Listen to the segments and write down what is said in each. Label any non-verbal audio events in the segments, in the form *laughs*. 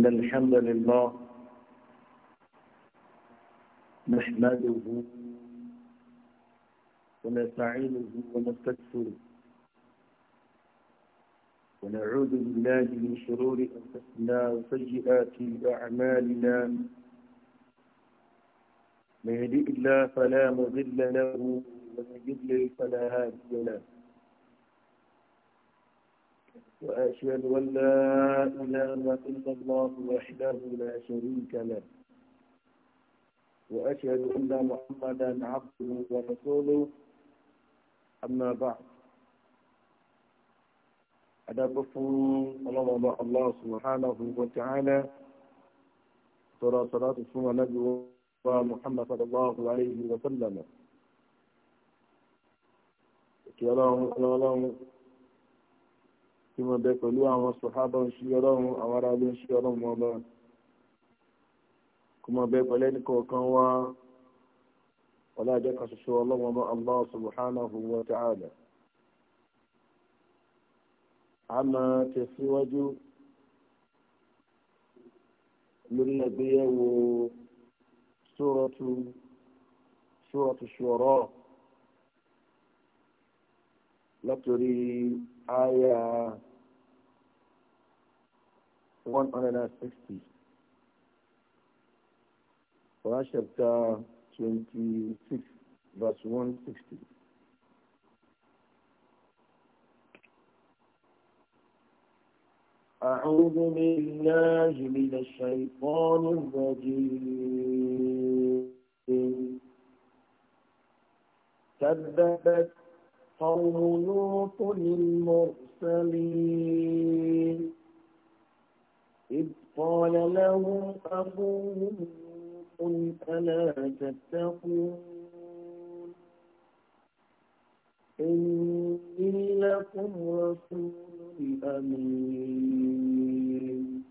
إن الحمد لله نحمده ونستعينه ونستكثره ونعوذ بالله من شرور أنفسنا وسيئات أعمالنا من يهدئ الله فلا مضل له ومن يضلل فلا هادي له وأشهد أن لا إله إلا الله وحده لا شريك له وأشهد أن محمدا عبده ورسوله أما بعد أدبكم الله الله سبحانه وتعالى ترى صلاة ثم نبي محمد صلى الله عليه وسلم tí wọ́n bẹ pẹ̀lú àwọn sọ̀hábà ń ọlọ́run àwọn ará ló ń ṣe ọlọ́run wọn bá kó bẹ pẹ̀lú ẹnì kọ̀ọ̀kan wá ọlájẹ́ a máa tẹ̀síwájú lórí ẹgbẹ́yẹ̀wò sórọ́tù sórọ́tù látòrí 160. Quran chapter 26, verse 160. أعوذ بالله من الشيطان الرجيم كذبت قوم لوط للمرسلين إذ قال لهم أخوهم قل ألا تتقون إني لكم رسول أمين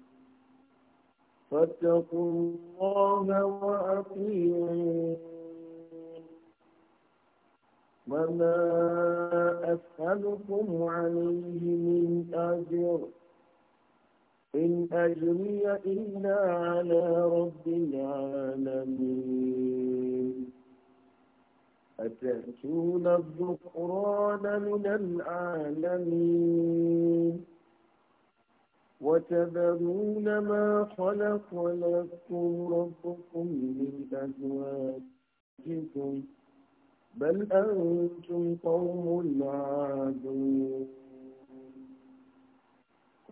فاتقوا الله وأطيعون وما أسألكم عليه من أجر إن أجري إلا على رب العالمين أتأتون الذكران من العالمين وتذرون ما خلق لكم ربكم من أزواجكم بل أنتم قوم عادون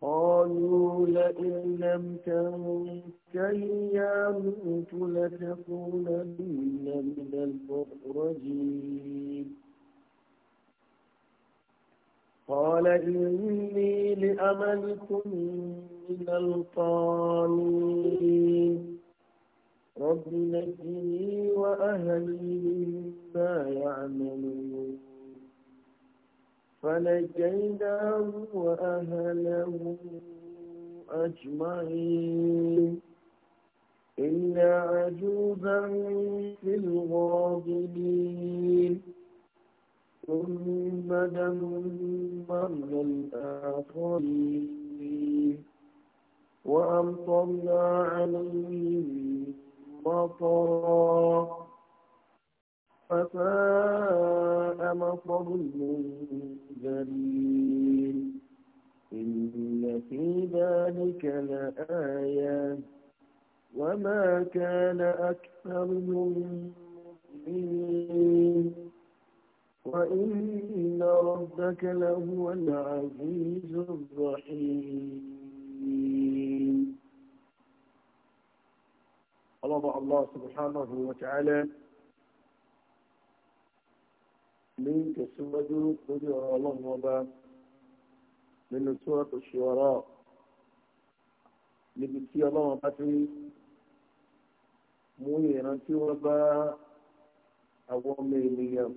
قالوا لئن لم تنتهي يا موت لتكونن من المخرجين قال إني لأملكم من القانين رب نجني وأهلي مما يعملون فنجيناه وأهله أجمعين إلا عجوزا في الغابرين ثم دمرنا الآخرين وأمطرنا عليهم مطرا فساء مصر المنذرين إن في ذلك لآية وما كان أكثرهم مؤمنين وإن ربك لهو العزيز الرحيم الله الله سبحانه وتعالى ní ìtẹ̀síwájú lórí ọ̀rọ̀ ọlọ́run ọba nínú tí wọ́n tó ṣe ọ̀rọ̀ níbi tí ọlọ́run bá ti mú ìran tí wọ́n bá àwọn ọmọ ènìyàn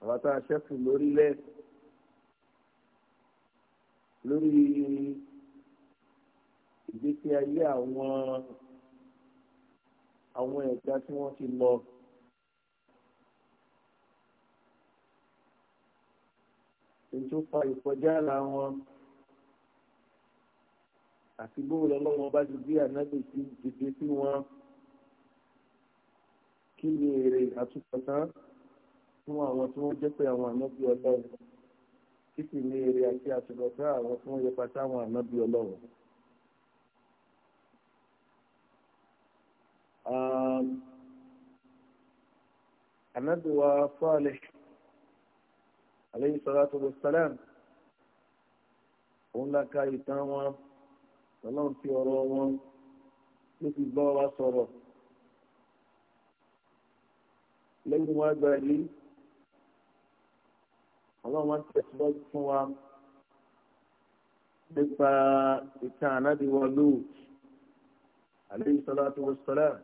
àwọn tá a ṣẹ́kù lórílẹ̀ lórí ìgbésí ayé àwọn àwọn ẹ̀dá tí wọ́n ti lọ. ní tó fa ìkọjá ara wọn àti bóòlù ọlọ́wọ́n bá ti bí ànábì sí dìde sí wọn kí ni èrè àtúntàn fún àwọn tí wọ́n jẹ́ pé àwọn ànábì ọlọ́run kí sì ni èrè àti àtúntàn àwọn tí wọ́n yẹ pátá àwọn ànábì ọlọ́run. ànábì wa fọ́ọ̀lẹ̀ alayhi salatu wa salam òun la ka ìtàn wọn ọlọ́run fi ọ̀rọ̀ wọn ló fi bá wa sọ̀rọ̀ lẹ́yìn wọn gba yìí ọlọ́run wọn tẹ̀síwájú fún wa nípa ìtàn ànábì wa lóòtù alayhi salatu wa salam.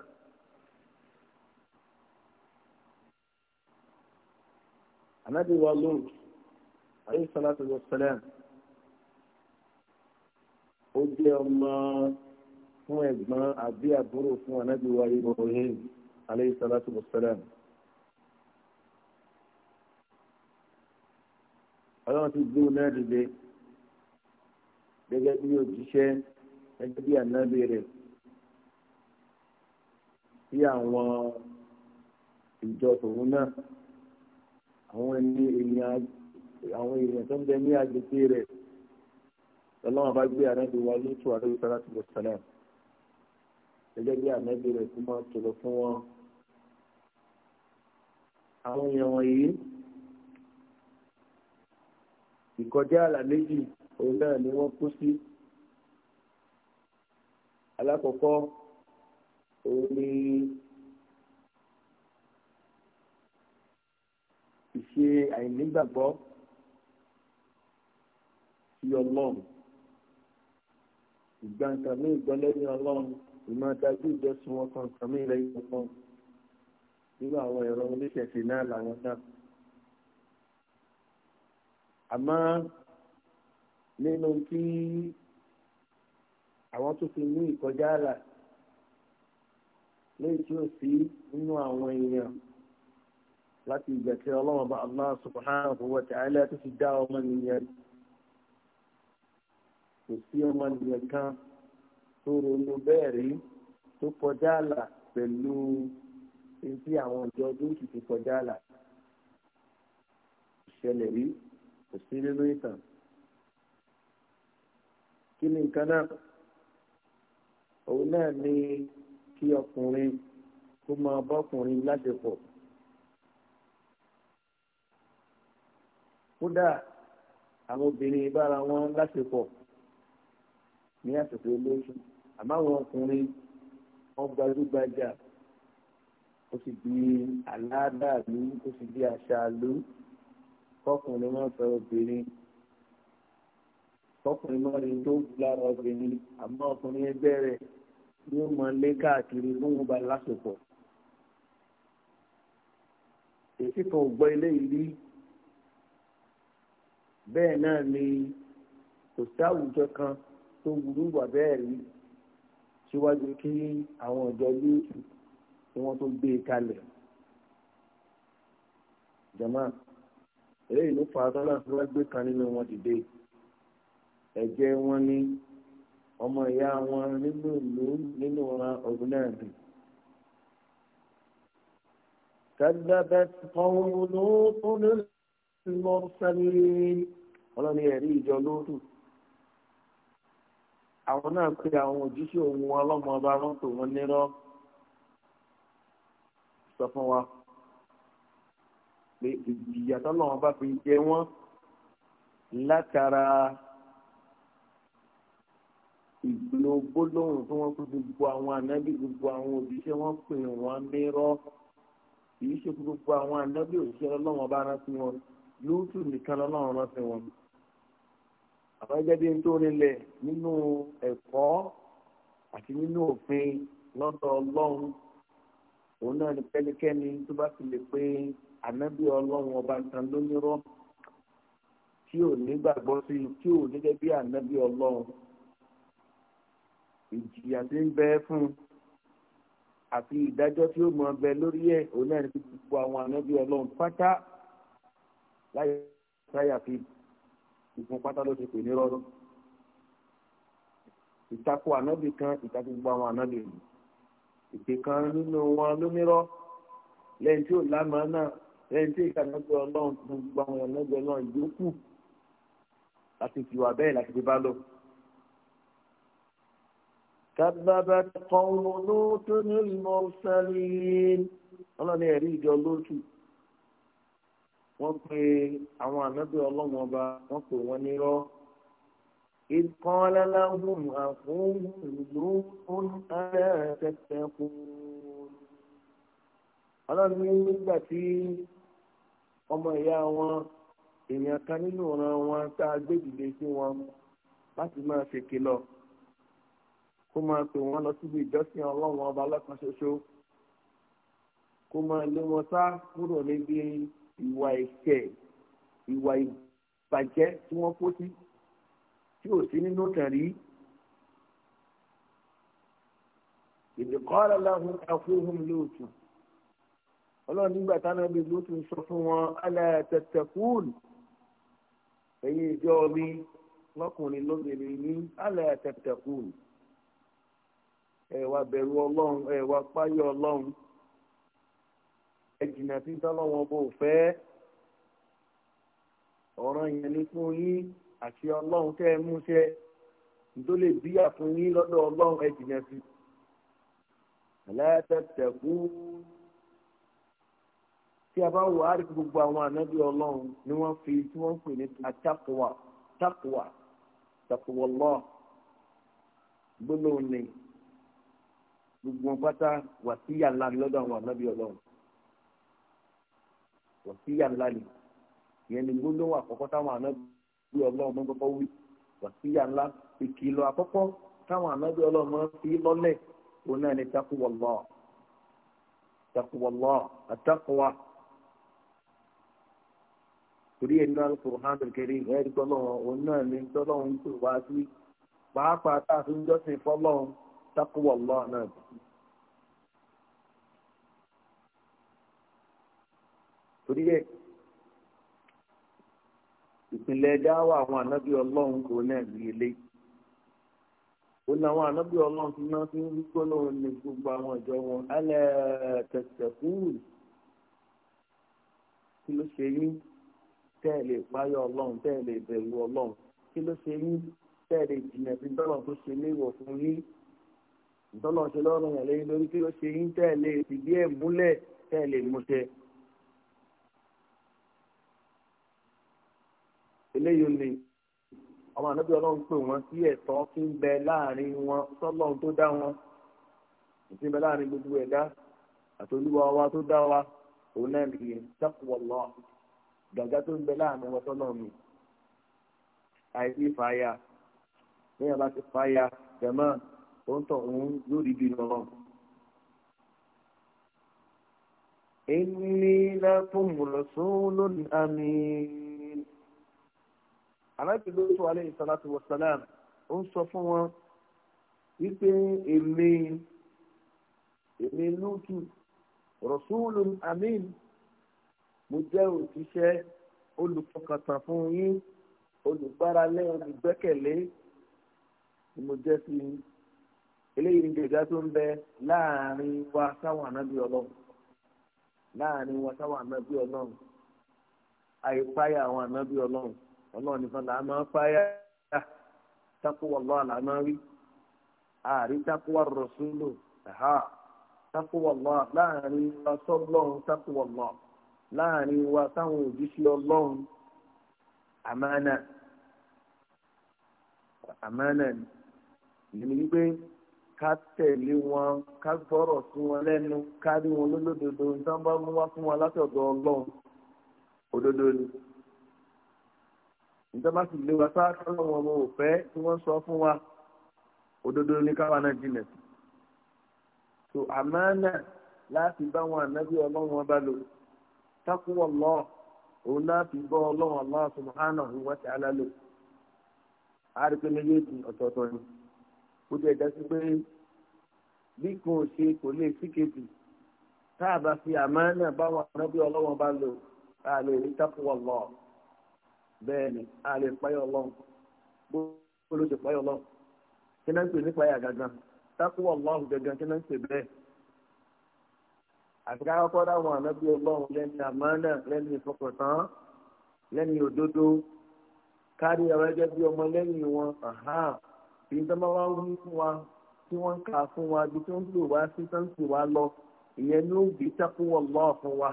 wa lóòtù. عليه الصلاة والسلام. salam الله jẹ́ ọmọ fún ẹ̀gbọ́n àbí àbúrò fún anábì wa Ibrahim alayhi salatu wa salam. ọlọ́run ti gbé náà dìde gẹ́gẹ́ bí òjíṣẹ́ gẹ́gẹ́ bí ànábì rẹ̀ sí àwọn ìjọ tòun náà àwọn ẹni èèyàn àwọn èèyàn tó ń bẹ ní agbègbè rẹ̀ ọlọ́run bá gbé ànábì wa lótú àdóbi sára tó lọ sẹ́lẹ̀ gẹ́gẹ́ bí ànábì rẹ̀ kó máa tọ̀lọ̀ fún wọn. àwọn èèyàn wọ̀nyí ìkọjá àlà òun náà ni wọ́n kú sí. alákọ̀ọ́kọ́ òun ni ìṣe àìnígbàgbọ́ sí ọlọ́run ìgbà nǹkan mí ìgbọ́n lẹ́yìn ọlọ́run ìmọ̀ dájú ìjọsìn wọn kan nǹkan mí lẹ́yìn ọlọ́run nínú àwọn ẹ̀rọ oníṣẹ̀ṣẹ̀ náà làwọn náà. àmọ́ nínú tí àwọn tó fi ní ìkọjá àlà lẹ́yìn tí ó sí nínú àwọn èèyàn láti ìgbà tí ọlọ́run bá Allah subhanahu wa ta'ala tó fi dá ọmọ nìyẹn kò sí ọmọnìyàn kan tó ronú bẹ́ẹ̀ rí tó kọjá àlà pẹ̀lú etí àwọn ìjọ dúkì ti kọjá àlà ìṣẹ̀lẹ̀ rí kò sí nínú ìtàn kí ni nǹkan náà òun náà ni kí ọkùnrin kó máa bọ́kùnrin láṣepọ̀ kódà àwọn obìnrin bára wọn láṣepọ̀ ní àsìkò olóṣù àmọ́ àwọn ọkùnrin wọ́n gbajúgbajà ó sì di aládàlú ó sì di àṣàlú kọkùnrin wọn fẹ́ obìnrin kọkùnrin wọn rí tó wù lára obìnrin àmọ́ ọkùnrin ẹgbẹ́ rẹ̀ ni ó máa lé káàkiri lóhùn ba lásopọ̀ èsì kan ò gbọ́ ilé yìí rí bẹ́ẹ̀ náà ni kò sí àwùjọ kan tó wúlú wà bẹ́ẹ̀ rí síwájú kí àwọn ọ̀jọ́ yéésù kí wọ́n tó gbé e kalẹ̀. jama eléyìí ló fà á tọ́lá tí wọ́n gbé kan nínú wọn dìde ẹ̀jẹ̀ wọn ní ọmọ ìyá wọn nínú ìlú nínú ọ̀ràn ọ̀gbìn náà dùn. كذبت قوم لوط المرسلين ولم يري جلوط àwọn náà pe àwọn òjíṣẹ́ òun ọlọ́mọ ọba wọn tò wọn nírọ́ sọ fún wa pé ìjìyà tọ́lọ́wọ́n bá fi jẹ wọ́n látara ìgbìlò gbólóhùn tí wọ́n fi gbogbo àwọn ànábì gbogbo àwọn òjíṣẹ́ wọn pè wọ́n nírọ́ kì í ṣe gbogbo àwọn ànábì òjíṣẹ́ ọlọ́wọ́n bá rántí wọn lóòtù nìkan lọ́lọ́run rántí wọn àwọn ẹgbẹ́ bíi tó rinlẹ̀ nínú ẹ̀kọ́ àti nínú òfin lọ́dọ̀ ọlọ́run òun náà ni pẹ́nikẹ́ni tó bá fi lè pé ànábì ọlọ́run ọba nǹkan lónírọ́ tí ò ní gbàgbọ́ sí tí ò ní gẹ́gẹ́ bí ànábì ọlọ́run ìjìyà tí ń bẹ fún un ìdájọ́ tí ó mọ ọbẹ̀ lórí ẹ̀ òun náà ni gbogbo àwọn ànábì ọlọ́run pátá láyé sáyà fi ìfún pátá ló ti pè ní rọrùn ìtakò ànábì kan ìtakò gbogbo àwọn ànábì yìí ìpè kan nínú wọn lómírọ lẹ́yìn tí ò lámà náà lẹ́yìn tí ìkànnàgbé Ọlọ́run fún gbogbo àwọn ànábì Ọlọ́run yòókù láti fi wà bẹ́ẹ̀ láti fi bá lọ. كذبت قوم لوط المرسلين الله يريد لوط wọ́n pe àwọn ànábì ọlọ́run ọba wọ́n pè wọ́n nírọ́. ìkọ́lẹ́lá hùn àfúnhùn ló ń ara tẹ̀tẹ̀ kún. ọlọ́run ní nígbà tí ọmọ ìyá wọn èèyàn kan nínú ọ̀ràn wọn tá a gbé dìde sí wọn láti máa ṣèkìlọ̀ kó máa pè wọ́n lọ síbi ìjọsìn ọlọ́run ọba lọ́kan ṣoṣo kó máa lé wọn sá kúrò níbi ìwà ìkẹ́ ìwà ìbàjẹ́ tí wọ́n kó sí tí ò sí nínú tàn rí. ìdíkọ́ra láhùn àfúhùn lóòtù ọlọ́run nígbà táwọn ẹbí lóòtù ń sọ fún wọn aláàtẹ̀tẹ̀ kúùlù ẹ̀yin ìjọ mi lọ́kùnrin lóbìnrin ní aláàtẹ̀tẹ̀ kúùlù ẹ bẹ̀rù ọlọ́run ẹ páyọ̀ ọlọ́run ẹ jìnnà sí tọ́lọ́wọ́n bò fẹ́ ọ̀ràn yẹn ni fún yín àti ọlọ́run tẹ́ ẹ mú ṣe tó lè bíyà fún yín lọ́dọ̀ ọlọ́run ẹ jìnnà sí. aláàtẹ̀tẹ̀kú tí a bá wò á rí gbogbo àwọn ànábì ọlọ́run ni wọ́n fi tí wọ́n pè ní atakuwa takuwa takuwọlọ́ gbólóhùn ni gbogbo pátá wà sí yàrá lọ́dọ̀ àwọn ànábì ọlọ́run wàsíyà ńlá ni ìyẹn ni gbólóhùn àkọ́kọ́ táwọn ànábì ọlọ́run mọ́ kọ́kọ́ wí wàsíyà ńlá ìkìlọ̀ àkọ́kọ́ táwọn ànábì ọlọ́run mọ́ fi lọ́lẹ̀ òun náà ni takuwọ̀lọ́ takuwọ̀lọ́ àtàkùwà torí ẹni al-Qur'an al-Karim ẹ̀rí tọ́lọ́run òun náà ni tọ́lọ́run tó wá sí pàápàá táà fi ń jọ́sìn fọ́lọ́run takuwọ̀lọ́ náà torí ẹ̀ ìpínlẹ̀ dáwà àwọn ànábì ọlọ́run kò náà ní ilé ó láwọn ànábì ọlọ́run ti náà fi ń rí àwọn ìjọ wọn ala tẹ̀sẹ̀kúrù kí ló ṣe yín tẹ́ẹ̀lẹ̀ páyọ̀ ọlọ́run tẹ́ẹ̀lẹ̀ ìbẹ̀rù ọlọ́run kí ló ṣe yín tẹ́ẹ̀lẹ̀ ìjìnlẹ̀ fi dọ́là tó ṣe léwọ̀ fún yín ṣe lọ́rùn lórí kí ló eléyìí ni àwọn ànábì ọlọ́run pè wọ́n sí ẹ̀tọ́ tí ń bẹ láàrin wọn sọ́lọ́run tó dá wọn tí ń bẹ láàrin gbogbo ẹ̀dá àti olúwa wa tó dá wa òun náà nìyẹn sákòwọ̀lọ́ gàgá tó ń bẹ láàrin wọn sọ́lọ́run mi àìsí fàáyà bá ti fàáyà òun yóò rí bí إني لكم رسول أمين anábì lóṣù alẹ́ ìsàlátì wọ̀sálàm ó ń sọ fún wọn wípé èmi èmi lútù rọ̀ṣúlù amin mo jẹ́ òṣìṣẹ́ olùfọkàntàn fún yín olùgbáralé olùgbẹ́kẹ̀lé ni mo jẹ́ sí i eléyìí ni gègé tó ń bẹ láàrin wa sáwọn ànábì ọlọ́run láàrin wa sáwọn ànábì ọlọ́run àìpáyà àwọn ànábì ọlọ́run ọlọ́run nìkan là á máa fáyà tákùwà lọ́wọ́ là á máa rí àárín tákùwà rọ̀ṣúlò ẹ̀há tákùwà lọ́wọ́ láàrin wa sọ́lọ́run tákùwà lọ́wọ́ láàrin wa táwọn òjíṣẹ́ ọlọ́run àmánà àmánà ìyẹn ni wípé ká tẹ̀lé wọn ká gbọ́rọ̀ sí wọn lẹ́nu ká rí wọn lólódodo nígbà bá mú wá fún wọn látọ̀dọ̀ ọlọ́run òdodo ni níta bá sì lé wa sáà tọ́lọ́ wọn wọn ò fẹ́ tí wọ́n sọ fún wa òdodo ní káwa náà jìnà sí. tó àmánà láti bá wọn ànábì ọlọ́run wọn bá lò taqwallah òun láti bọ́ ọlọ́run Allah subhanahu wa ta'ala lò. àríkè méjèèjì ọ̀tọ̀ọ̀tọ̀ ni kó jẹ́ ìdásí pé bí kò ṣe kò lè síkejì tá a bá fi àmánà báwọn ànábì ọlọ́run bá lò tá lè rí taqwallah bẹ́ẹ̀ ni a lè payọ̀ ọlọ́run bó ló ṣe payọ̀ ọlọ́run kí náà ń pè nípa ẹ̀yà gangan tákùwọ̀ ọlọ́run gangan kí náà ń pè bẹ́ẹ̀ àti káàkọ́ dáwọn ànábì ọlọ́run lẹ́ni àmánà lẹ́ni ìfọkàntán lẹ́ni òdodo kárí ọ̀rọ̀ ẹgbẹ́ bí ọmọ lẹ́yìn wọn bí tọ́mọ́ wá wí fún wa tí wọ́n kà fún wa bí tí wọ́n ń lò wá sí tó ń lọ ìyẹn ló ń gbé tákùwọ̀ ọlọ́run fún wa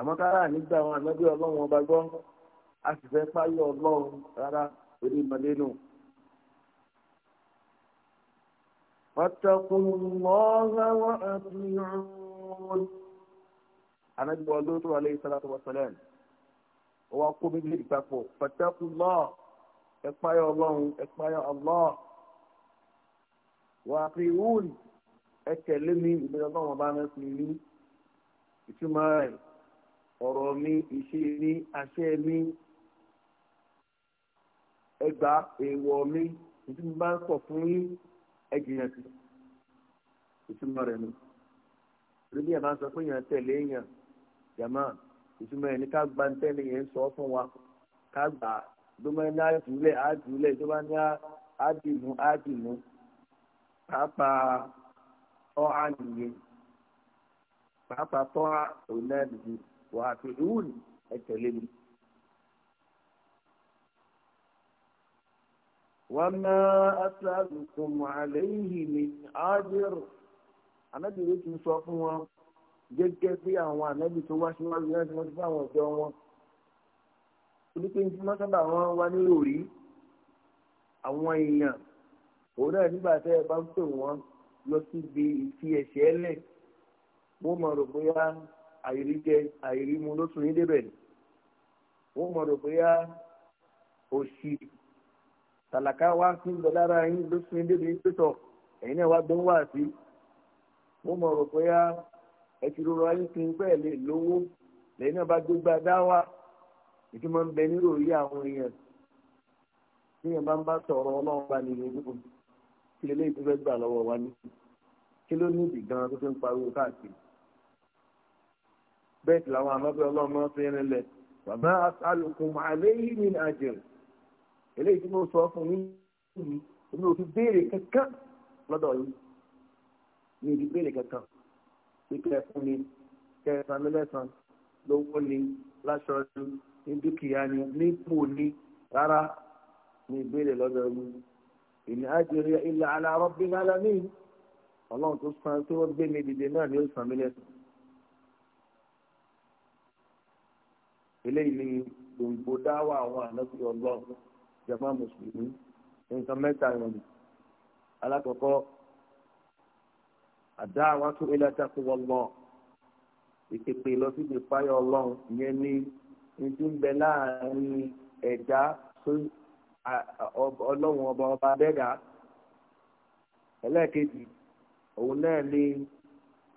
àmọ́ kára nígbà àwọn ànábì ọlọ́run ọba gbọ́ a sì fẹ́ páyọ̀ ọlọ́run rárá orí ìmọ̀lẹ́ nù. wàtàkùn mọ́ra wọn àfihàn ànábì ọlọ́run alẹ́ ìsàlátù wàsálẹ̀ ó wá kó méjèèjì papọ̀ wàtàkùn lọ́ ẹ páyọ̀ ọlọ́run ẹ páyọ̀ ọlọ́ wà fi wúni ẹ tẹ̀lé mi ìgbésẹ̀ ọlọ́run ọba náà fi rí ìtumọ̀ rẹ̀. ọ̀rọ̀ mi ìṣe mi àṣẹ mi ẹgbà èèwọ̀ mi ìdí mi bá pọ̀ fún yín sí sọ pé èèyàn tẹ̀lé èèyàn jàmá ìtumọ̀ ẹ̀ ní ká gba ń tẹ́lẹ̀ yẹn sọ fún wa ká gbà á ló máa ń ní àdúlẹ̀ àdúlẹ̀ tó bá ní àdìmú àdìmú pàápàá ọ̀hánìyẹ pàápàá tọ́ra òun náà nìyẹn. wà á fi ìwú ni ẹ tẹ̀lé mi. wàmà asàlùkùn àlẹ́yìn ní ájẹ́rù anábì rẹ̀ ti sọ fún wọn gẹ́gẹ́ bí àwọn anábì tó wá síwájú náà tí wọ́n ti fáwọn ọ̀dọ́ wọn. onípe ní wọ́n sábà wọn wá ní òrí àwọn èèyàn òun náà nígbà tẹ́ ẹ bá ń pè wọ́n lọ síbi ìfi ẹ̀ṣẹ̀ lẹ̀ wọ́n mọ̀ rò bóyá àìrí jẹ àìrí mu ló tún yín débẹ̀ ni wọ́n mọ̀ rò bóyá òṣì tàlàkà wá sí lọ lára yín ló tún yín débi pẹ́tọ̀ ẹ̀yin náà wá gbọ́n wá sí wọ́n mọ̀ rò bóyá ẹ ti rọrọ ayé kí n pẹ́ẹ́ lè lówó lẹ́yìn náà bá gbégbá dá wá ìtumọ̀ ń bẹ nírò yí àwọn èèyàn tí èèyàn bá ń bá sọ̀rọ̀ ọlọ́run bá nìyẹn gbogbo kí lè lè tó fẹ́ gbà lọ́wọ́ wa ní kí ló ní ìdí gan-an tó fi ń pariwo káàkiri bẹ́ẹ̀ tí làwọn àmọ́bẹ́ ọlọ́mọ fi rin lẹ̀ bàbá alùpùpù àléyìn ní àjẹr eléyìí tí mo sọ fún yín yìí èmi ò fi béèrè kankan lọ́dọ̀ yìí mi ò fi béèrè kankan pípẹ́ fún mi kẹsàn án lẹ́sàn lówó ni láṣọ ni ní dúkìá ni nípò ni rárá mi ìbéèrè lọ́dọ̀ yìí èmi àjẹrẹ ilẹ̀ alárọ́bí alámì ọlọ́run tó san tó gbé mi dìde náà ni ó san mí lẹ́sàn. eléyìí ni gbòǹgbò dáwà àwọn ànábì ọlọ́run jàmá mùsùlùmí nǹkan mẹ́ta ìrìn alákọ̀ọ́kọ́ àdá àwọn tó ilé ẹja tó wọlọ ìpèpè lọ sí ìpáyọ ọlọ́run ìyẹn ní ìdí ń bẹ láàrin ẹ̀dá tó ọlọ́run ọba ọba bẹ́ẹ̀dá ẹlẹ́ẹ̀kejì òun náà ni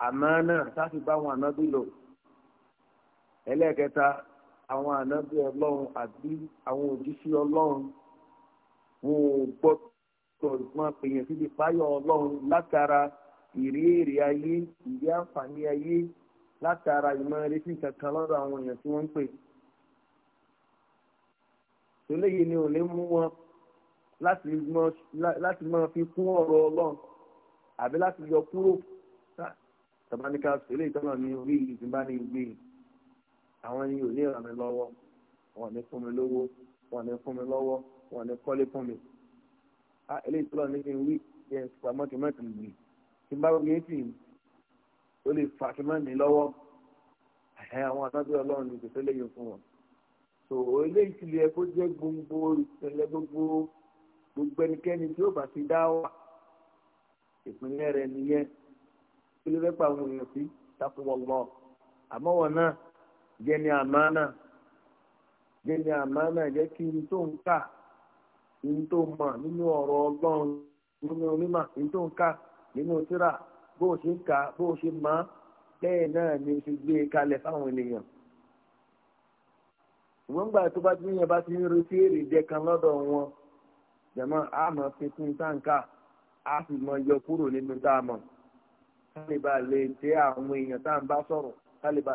àmọ́ náà sáfi bá wọn ànábì lò ẹlẹ́ẹ̀kẹta àwọn ànábì ọlọ́run àbí àwọn òjíṣẹ́ ọlọ́run wọn ò gbọ́dọ̀ máa pèèyàn síbi páyọ̀ ọlọ́run látara ìrí èrè ayé ìrí àǹfààní ayé látara ìmọ̀ retí kankan lọ́dọ̀ àwọn èèyàn tí wọ́n ń pè. tòléyìí ni ò ní mú wọn láti máa fi kún ọ̀rọ̀ ọlọ́run àbí láti yọ kúrò tàbáníkà tòléyìí tọ́nà ní orí ìdìbánilé yìí àwọn ni ò ní ràn mí lọ́wọ́ wọn ní fún mi lówó wọn ní fún mi lọ́wọ́ wọn ní kọ́lé fún mi. a ah, eléyìí tó lọ ní kí n wí kí n pa mọ́tìmọ́tì wì kí n bá wọ́n yéé tì ó lè fà kí n má ní lọ́wọ́ ẹ̀hẹ́ àwọn àtàbí ọlọ́run ní ìgbésẹ̀ lẹ́yìn fún wọn. so eléyìí ti lè ẹ kó jẹ́ gbogbo ìpínlẹ̀ gbogbo gbogbo ẹnikẹ́ni tí ó bá ti dá wà ìpínlẹ̀ rẹ̀ nìyẹn kí ló fẹ́ pa àwọn èèyàn sí takuwọ̀ lọ àmọ́ wọn náà jẹ́ àmánà jẹ́ àmánà jẹ́ kí n tó ń kà n tó mọ̀ nínú ọ̀rọ̀ ọlọ́run nínú mímọ̀ n tó ń kà nínú bó o ṣe ń kà bó o ṣe mọ̀ bẹ́ẹ̀ náà ni o ṣe gbé e kalẹ̀ fáwọn ènìyàn gbà tó ti yẹn jẹ kan lọ́dọ̀ wọn a mọ̀ táǹkà a sì mọ yọ a mọ̀ kálíbà lè tẹ́ àwọn èèyàn tá à ń bá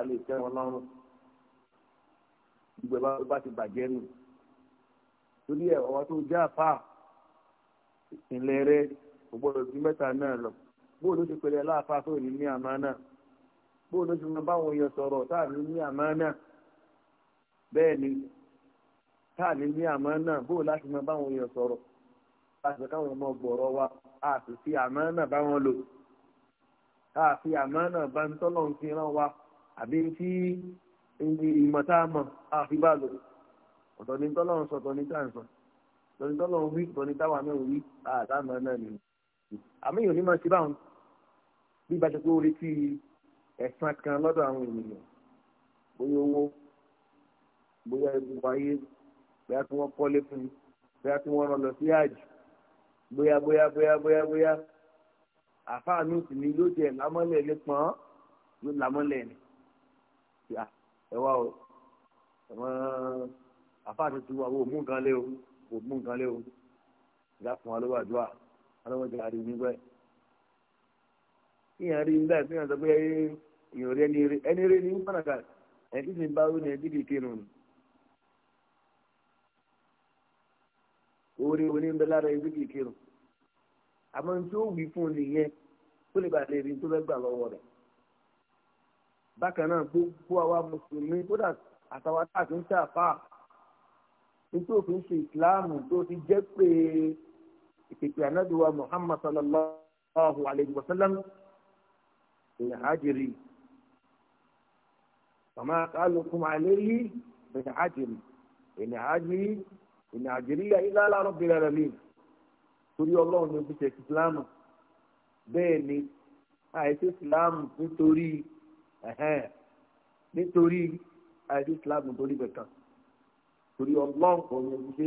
gbogbo ẹ̀ bá ti bàjẹ́ nù torí ẹ̀ ọ̀wá tó já àfà ìpínlẹ̀ rẹ kò gbọ́dọ̀ ju mẹ́ta náà lọ bó ló ti pẹ̀lẹ́ láàfà tó ní ní àmà náà bó ló ti mọ báwọn èèyàn sọ̀rọ̀ tá à ní ní àmà náà bẹ́ẹ̀ ni tá à ní ní àmà náà bó láti mọ báwọn èèyàn sọ̀rọ̀ láti káwọn ọmọ gbọ̀rọ̀ wa a sì fi àmà náà bá wọn lò a fi àmà náà bá ń tọ́lọ́ ń fi rán wa àbí ń fi indi ìmọ̀tá mọ̀ àfibàlò ọ̀tọ̀ ní tọ́lọ́run sọ ọ̀tọ̀ ní tàǹsọ̀ ọ̀tọ̀ ní tọ́lọ́run wí ọ̀tọ̀ ní táwa náà wí àtàmọ́ náà ni. àmì yòó ní máa ṣe báwọn bí bá ṣe pé ó retí ẹ̀sán kan lọ́dọ̀ àwọn ènìyàn bóyá owó bóyá egungun ayé bóyá kí wọ́n kọ́lé fún un bóyá kí wọ́n rán lọ sí àjù bóyá bóyá bóyá bóyá bóyá àfáànù sì ni yóò jẹ lámọ́lẹ̀ nípọn yóò lámọ́lẹ̀ ni ẹwà wá o àwọn àfáàtì tí wọn mú nǹkan lé o mú nǹkan lé o ìyá fún wa àrí rí nígbà tí wọn sọ pé ni orí àmọ́ tí ó wí fún nìyẹn kó lè bàa lè rí tó gbà lọ́wọ́ rẹ̀ bákan náà gbogbo àwa mùsùlùmí kódà àtàwọn tá a ti ń ṣàfà nítorí òfin ṣe ìsìláàmù tó ti jẹ́ pé ìpèpè ànábìwá Muhammad sallallahu alayhi wa sallam èèyàn ájèrè màmá kálukú àléyé èèyàn ájèrè èèyàn ájèrè èèyàn ájèrè yà ilá alárò bẹ̀rẹ̀ rẹ̀ mi torí ọlọ́run ní ojúṣe ìsìláàmù bẹ́ẹ̀ ni àìsí ìsìláàmù nítorí nítorí àìrí islam torí bẹ̀kan torí ọlọ́run kò ní ojú ṣe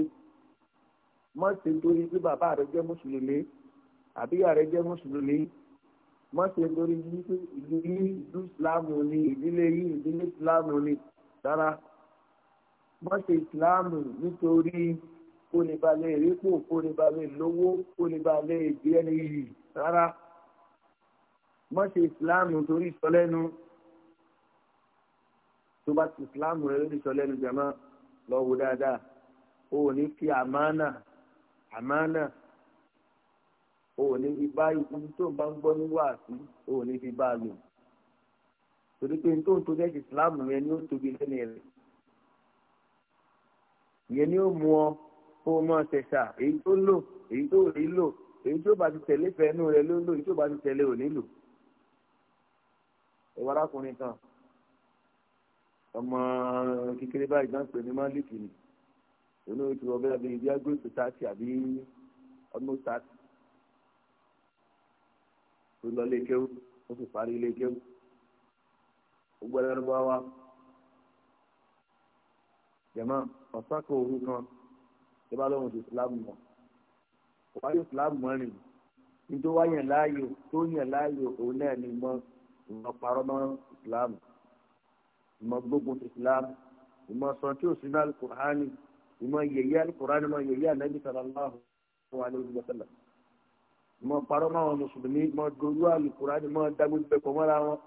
má ṣe nítorí pé bàbá rẹ jẹ́ mùsùlùmí àbíyá rẹ jẹ́ mùsùlùmí má ṣe nítorí pé ìlú yìí ìlú islam ni ìdílé yìí ìdílé islam ni rárá má ṣe islam nítorí kó lè ba lè rípò kó lè ba lè lówó kó lè ba lè jẹ́ ẹni yìí rárá má ṣe islam nítorí ìsọlẹ́nu tó bá ti islam rẹ lórí sọ lẹ́nu jama lọ wo dáadáa o ò ní fi àmánà àmánà o ò ní fi bá ibi tó ń bá ń gbọ́ níwá sí o ò ní fi bá a lò torí pé tó ń torí ẹ̀sìn islam yẹn ni ó tóbi lẹ́nu rẹ̀ yẹn ni ó mú ọ kó o máa ṣẹ̀ṣà èyí tó lò èyí tó rí lò èyí tó bá ti tẹ̀lé fẹ́ẹ́nu rẹ ló lò èyí tó bá ti tẹ̀lé ò nílò ìwà arákùnrin kan ọmọ kékeré báyìí náà pè ní málìkì ni olórí ti wọbẹ abẹ ibi agbèsè tààtì àbí ọdún tààtì tó lọ lé kéwù ó sì parí lé kéwù ó gbọ́dọ̀ ló bá wa jẹmọ ọsàkó òru kan tó bá lóun ti islam mọ wáyé islam mọ rìn nítorí wáyé láàyò tó yàn láàyò òun náà ni mọ ìmọ̀ parọ́ mọ́ islam ìmọ̀ gbógun islam ìmọ̀ sọ̀rọ̀ tí ó sì ní alukur'ani ìmọ̀ yẹ̀yẹ́ alukur'ani ìmọ̀ yẹ̀yẹ́ anabi sallallahu alayhi wa sallam ìmọ̀ parọ́ mọ́ àwọn mùsùlùmí ìmọ̀ dorú alukur'ani ìmọ̀ dagun bẹ́ẹ̀ kọ́ mọ́ra wọn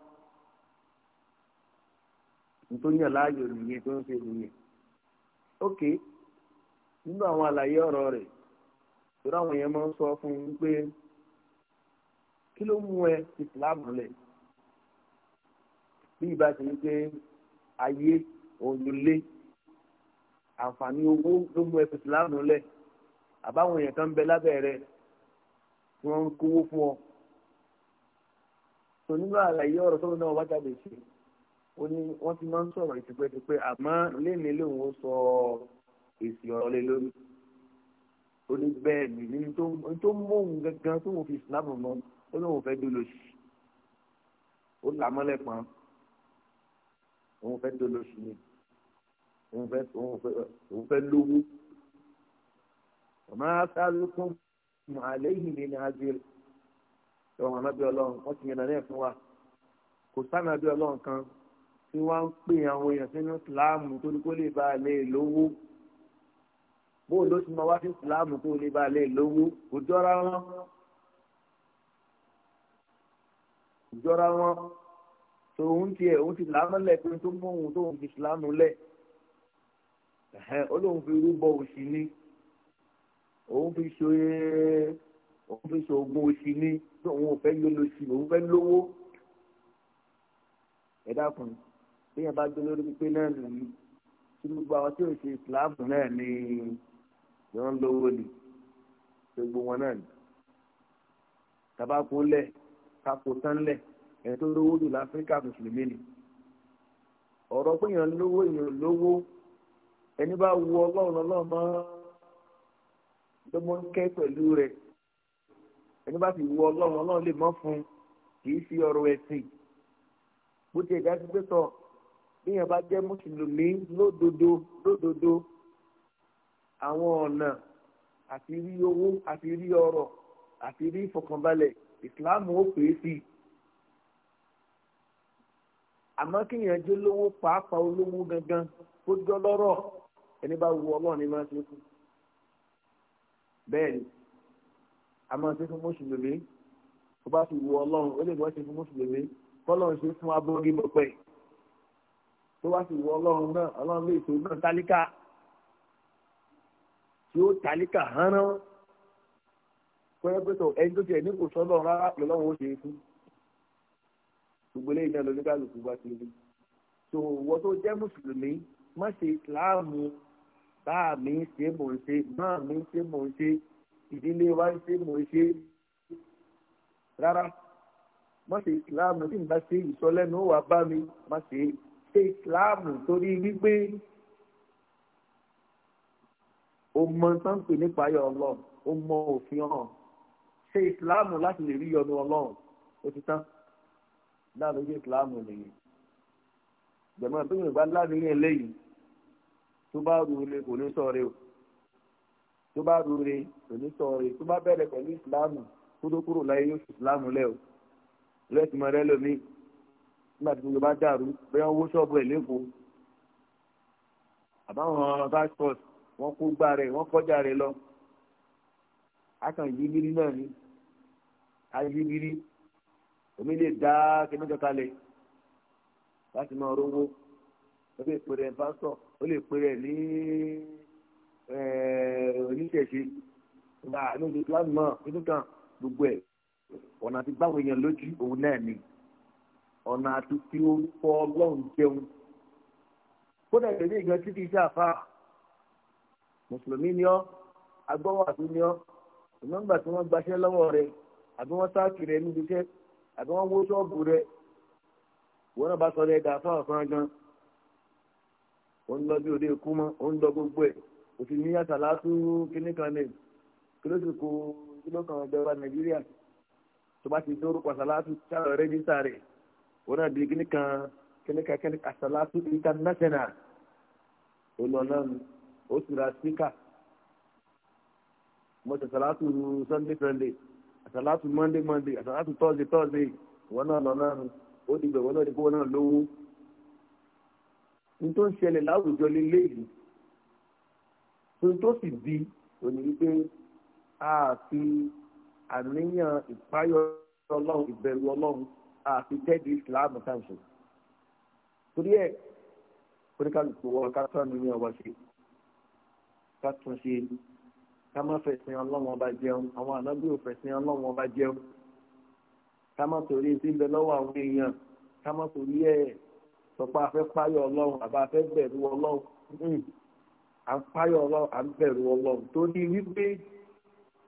nítorí aláyọ̀ nìyẹn tó ń ṣe nìyẹn ok nínú àwọn àlàyé ọ̀rọ̀ rẹ̀ torí àwọn yẹn máa ń sọ fún un pé kí ló mú ẹ islam lẹ̀ bí ìbá ti ní pé ayé òun ló lé àǹfààní owó ló mú ẹsẹ̀ ìsìláàmù lẹ̀ àbáwọn èèyàn kan ń bẹ lábẹ́ rẹ tí wọ́n ń kówó fún ọ. sọ nínú àlàyé ọ̀rọ̀ sọ́run náà wájà lè ṣe ó ní wọ́n ti máa ń sọ̀rọ̀ ìtìpẹ́tìpẹ́ àmọ́ léèmí lòun ó sọ èsì ọ̀rọ̀ lé lórí. ó ní bẹ́ẹ̀ ni ní tó ń mú òun gangan tó ń fi ìsìláàmù mọ́ ó lóun fẹ́ dúró sí ó là mọ́lẹ̀ pọ́n òun fẹ́ dolóṣù ni òun fẹ́ òun fẹ́ òun fẹ́ lówó ọmọ asálùkùn àléhìn mi ni ajẹl ọmọ anábì ọlọ́run wọ́n ti yẹn náà fún wa kò sánàbì ọlọ́run kan tí wọ́n ń pè àwọn èèyàn sínú ìsìláàmù torí kó lè bá a lè lówó bóun ló ti máa wá sí ìsìláàmù kó lè bá a lè lówó kò jọra wọn jọra wọn tó òun tiẹ̀ òun ti làámọ́lẹ̀ pé tó mú òun tóun fi ìsìlámù lẹ̀ ó lóun fi rúbọ òsì ni òun fi ṣe òun fi ṣe oògùn òsì ni tó òun ò fẹ́ yọ lòsì òun fẹ́ lówó ẹ dákun bí yẹn bá gbé lórí pípé náà nìyí tí gbogbo àwọn tí ò ṣe ìsìlámù náà ni wọ́n ń lówó ni gbogbo wọn náà ni tabako lẹ̀ ẹni tó lówó jù láfíríkà mùsùlùmí ni ọ̀rọ̀ pé èèyàn lówó èèyàn lówó ẹni bá wu ọlọ́run ọlọ́run mọ́ ló mọ́ ń kẹ́ pẹ̀lú rẹ̀ ẹni bá sì wu ọlọ́run ọlọ́run lè mọ́ fún kì í fi ọ̀rọ̀ ẹ̀sìn bó ti ẹ̀dá ti pé sọ bíyàn bá jẹ́ mùsùlùmí lódodo lódodo àwọn ọ̀nà àti rí owó àti rí ọrọ̀ àti rí ìfọkànbalẹ̀ ìsìláàmù ó pè é sí i àmọ́ kíyàn jó lówó pàápàá olówó gangan kó jọ lọ́rọ̀ ẹni bá wu ọlọ́run ní máa ṣe fún bẹ́ẹ̀ ni a máa ṣe fún mùsùlùmí tó bá fi wu ọlọ́run ó lè mọ́ ṣe fún mùsùlùmí kọ́lọ́run ṣe fún aborí mọ̀pẹ́ tó bá fi wu ọlọ́run náà ọlọ́run lè tó náà tálíkà tí ó tálíkà hánà pẹ́ẹ́pẹ́tọ̀ ẹni tó ti ẹ̀ ní kò sọ́dọ̀ rárá lọ́wọ́ ó ṣe fún gbogbo eléyìí náà lóníkàlùkù wá sí ilé tó wọ́n tó jẹ́ mùsùlùmí má ṣe ìsìláàmù bá mi ṣe mò ń ṣe má mi ṣe mò ń ṣe ìdílé wa ṣe mò ń ṣe rárá má ṣe ìsìláàmù tí n bá ṣe ìsọlẹ́nu wà bá mi má ṣe ṣe ìsìláàmù torí wípé o mọ sáǹpì nípa ayọ̀ ọlọ́run o mọ òfin ọ̀hún ṣe ìsìláàmù láti lè rí ọdún ọlọ́run o ti tán náà lójú ìsìláàmù nìyí jẹ̀mọ́ tó yìnbá láti ní eléyìí tó bá rúre kò ní sọ̀rọ̀ o tó bá rúre kò ní sọ̀rọ̀ tó bá bẹ̀rẹ̀ pẹ̀lú ìsìláàmù tó tó kúrò láyé yóò ìsìláàmù lẹ̀ o lẹ́sìn mọ́ rẹ lómi nígbà tí gbogbo bá dàrú bẹ́ẹ̀ wọ́n wó ṣọ́ọ̀bù ẹ̀ lẹ́kọ̀ọ́ àbáwọn passport wọ́n kó gbá rẹ̀ wọ́n kọjá rẹ̀ lọ akàn yìí bírí náà ni ayé bírí omi lè dá kíní kan kalẹ̀ láti máa rówó ó lè pèrè ẹ̀ pásítọ̀ ó lè pèrè ẹ̀ ní oníṣẹ̀ṣe ní oṣù kíláàsì náà nínú kan gbogbo ẹ̀ ọ̀nà àti báwo èèyàn lójú òun náà ni ọ̀nà àti tí orúkọ ọlọ́run jẹun kódà ìrèlè ìgbà títí iṣẹ́ àfa mùsùlùmí ni ọ́ agbọ́wọ́ àti ni ọ́ ìmọ̀ǹgbà tí wọ́n gbaṣẹ́ lọ́wọ́ rẹ̀ àbí wọ́n sáàkì rẹ̀ níbi iṣẹ́ àbí wọ́n wó ṣọ́ọ̀bù rẹ̀ wọ́n náà bá sọ lẹ́ẹ̀dá fáwọn fún gan ó ń lọ bí òde ikú mọ́ ó ń lọ gbogbo ẹ̀ kò sì ní àtàlá tó kíní kan lè kí ló sì kó kí ló kàn jọba nàìjíríà tó bá ti dórúkọ àtàlá tó sáà rẹ́jísà rẹ̀ wọ́n náà di kíní kan kíní kan kíní àtàlá tó international ó lọ náà ó sì ra síkà mo tẹ̀sàlá tó sunday sunday àtàlátù monday monday àtàlátù thursday thursday wọn náà lọ náà ó dìgbà wọn náà di kówó náà lówó ní tó ń ṣẹlẹ̀ láwùjọ lílé yìí tó tó sì di òní wípé àfi àníyàn ìpáyọ ọlọ́run ìbẹ̀rù ọlọ́run àfi tẹ́jú ìsìláàmù sáǹsì torí ẹ̀ oníkàlùkù wọn ká tán ní ọwọ́ ṣe ká tún ṣe Kama má fẹ̀sìn ọlọ́run ọba jẹun àwọn ànábì ò fẹ̀sìn ọlọ́run ọba jẹun kama má torí tí ń bẹ lọ́wọ́ àwọn èèyàn ká má torí ẹ̀ sọpá afẹ́ páyọ̀ ọlọ́run àbá afẹ́ bẹ̀rù ọlọ́run hmm. à ń páyọ̀ ọlọ́run à ń bẹ̀rù ọlọ́run torí wípé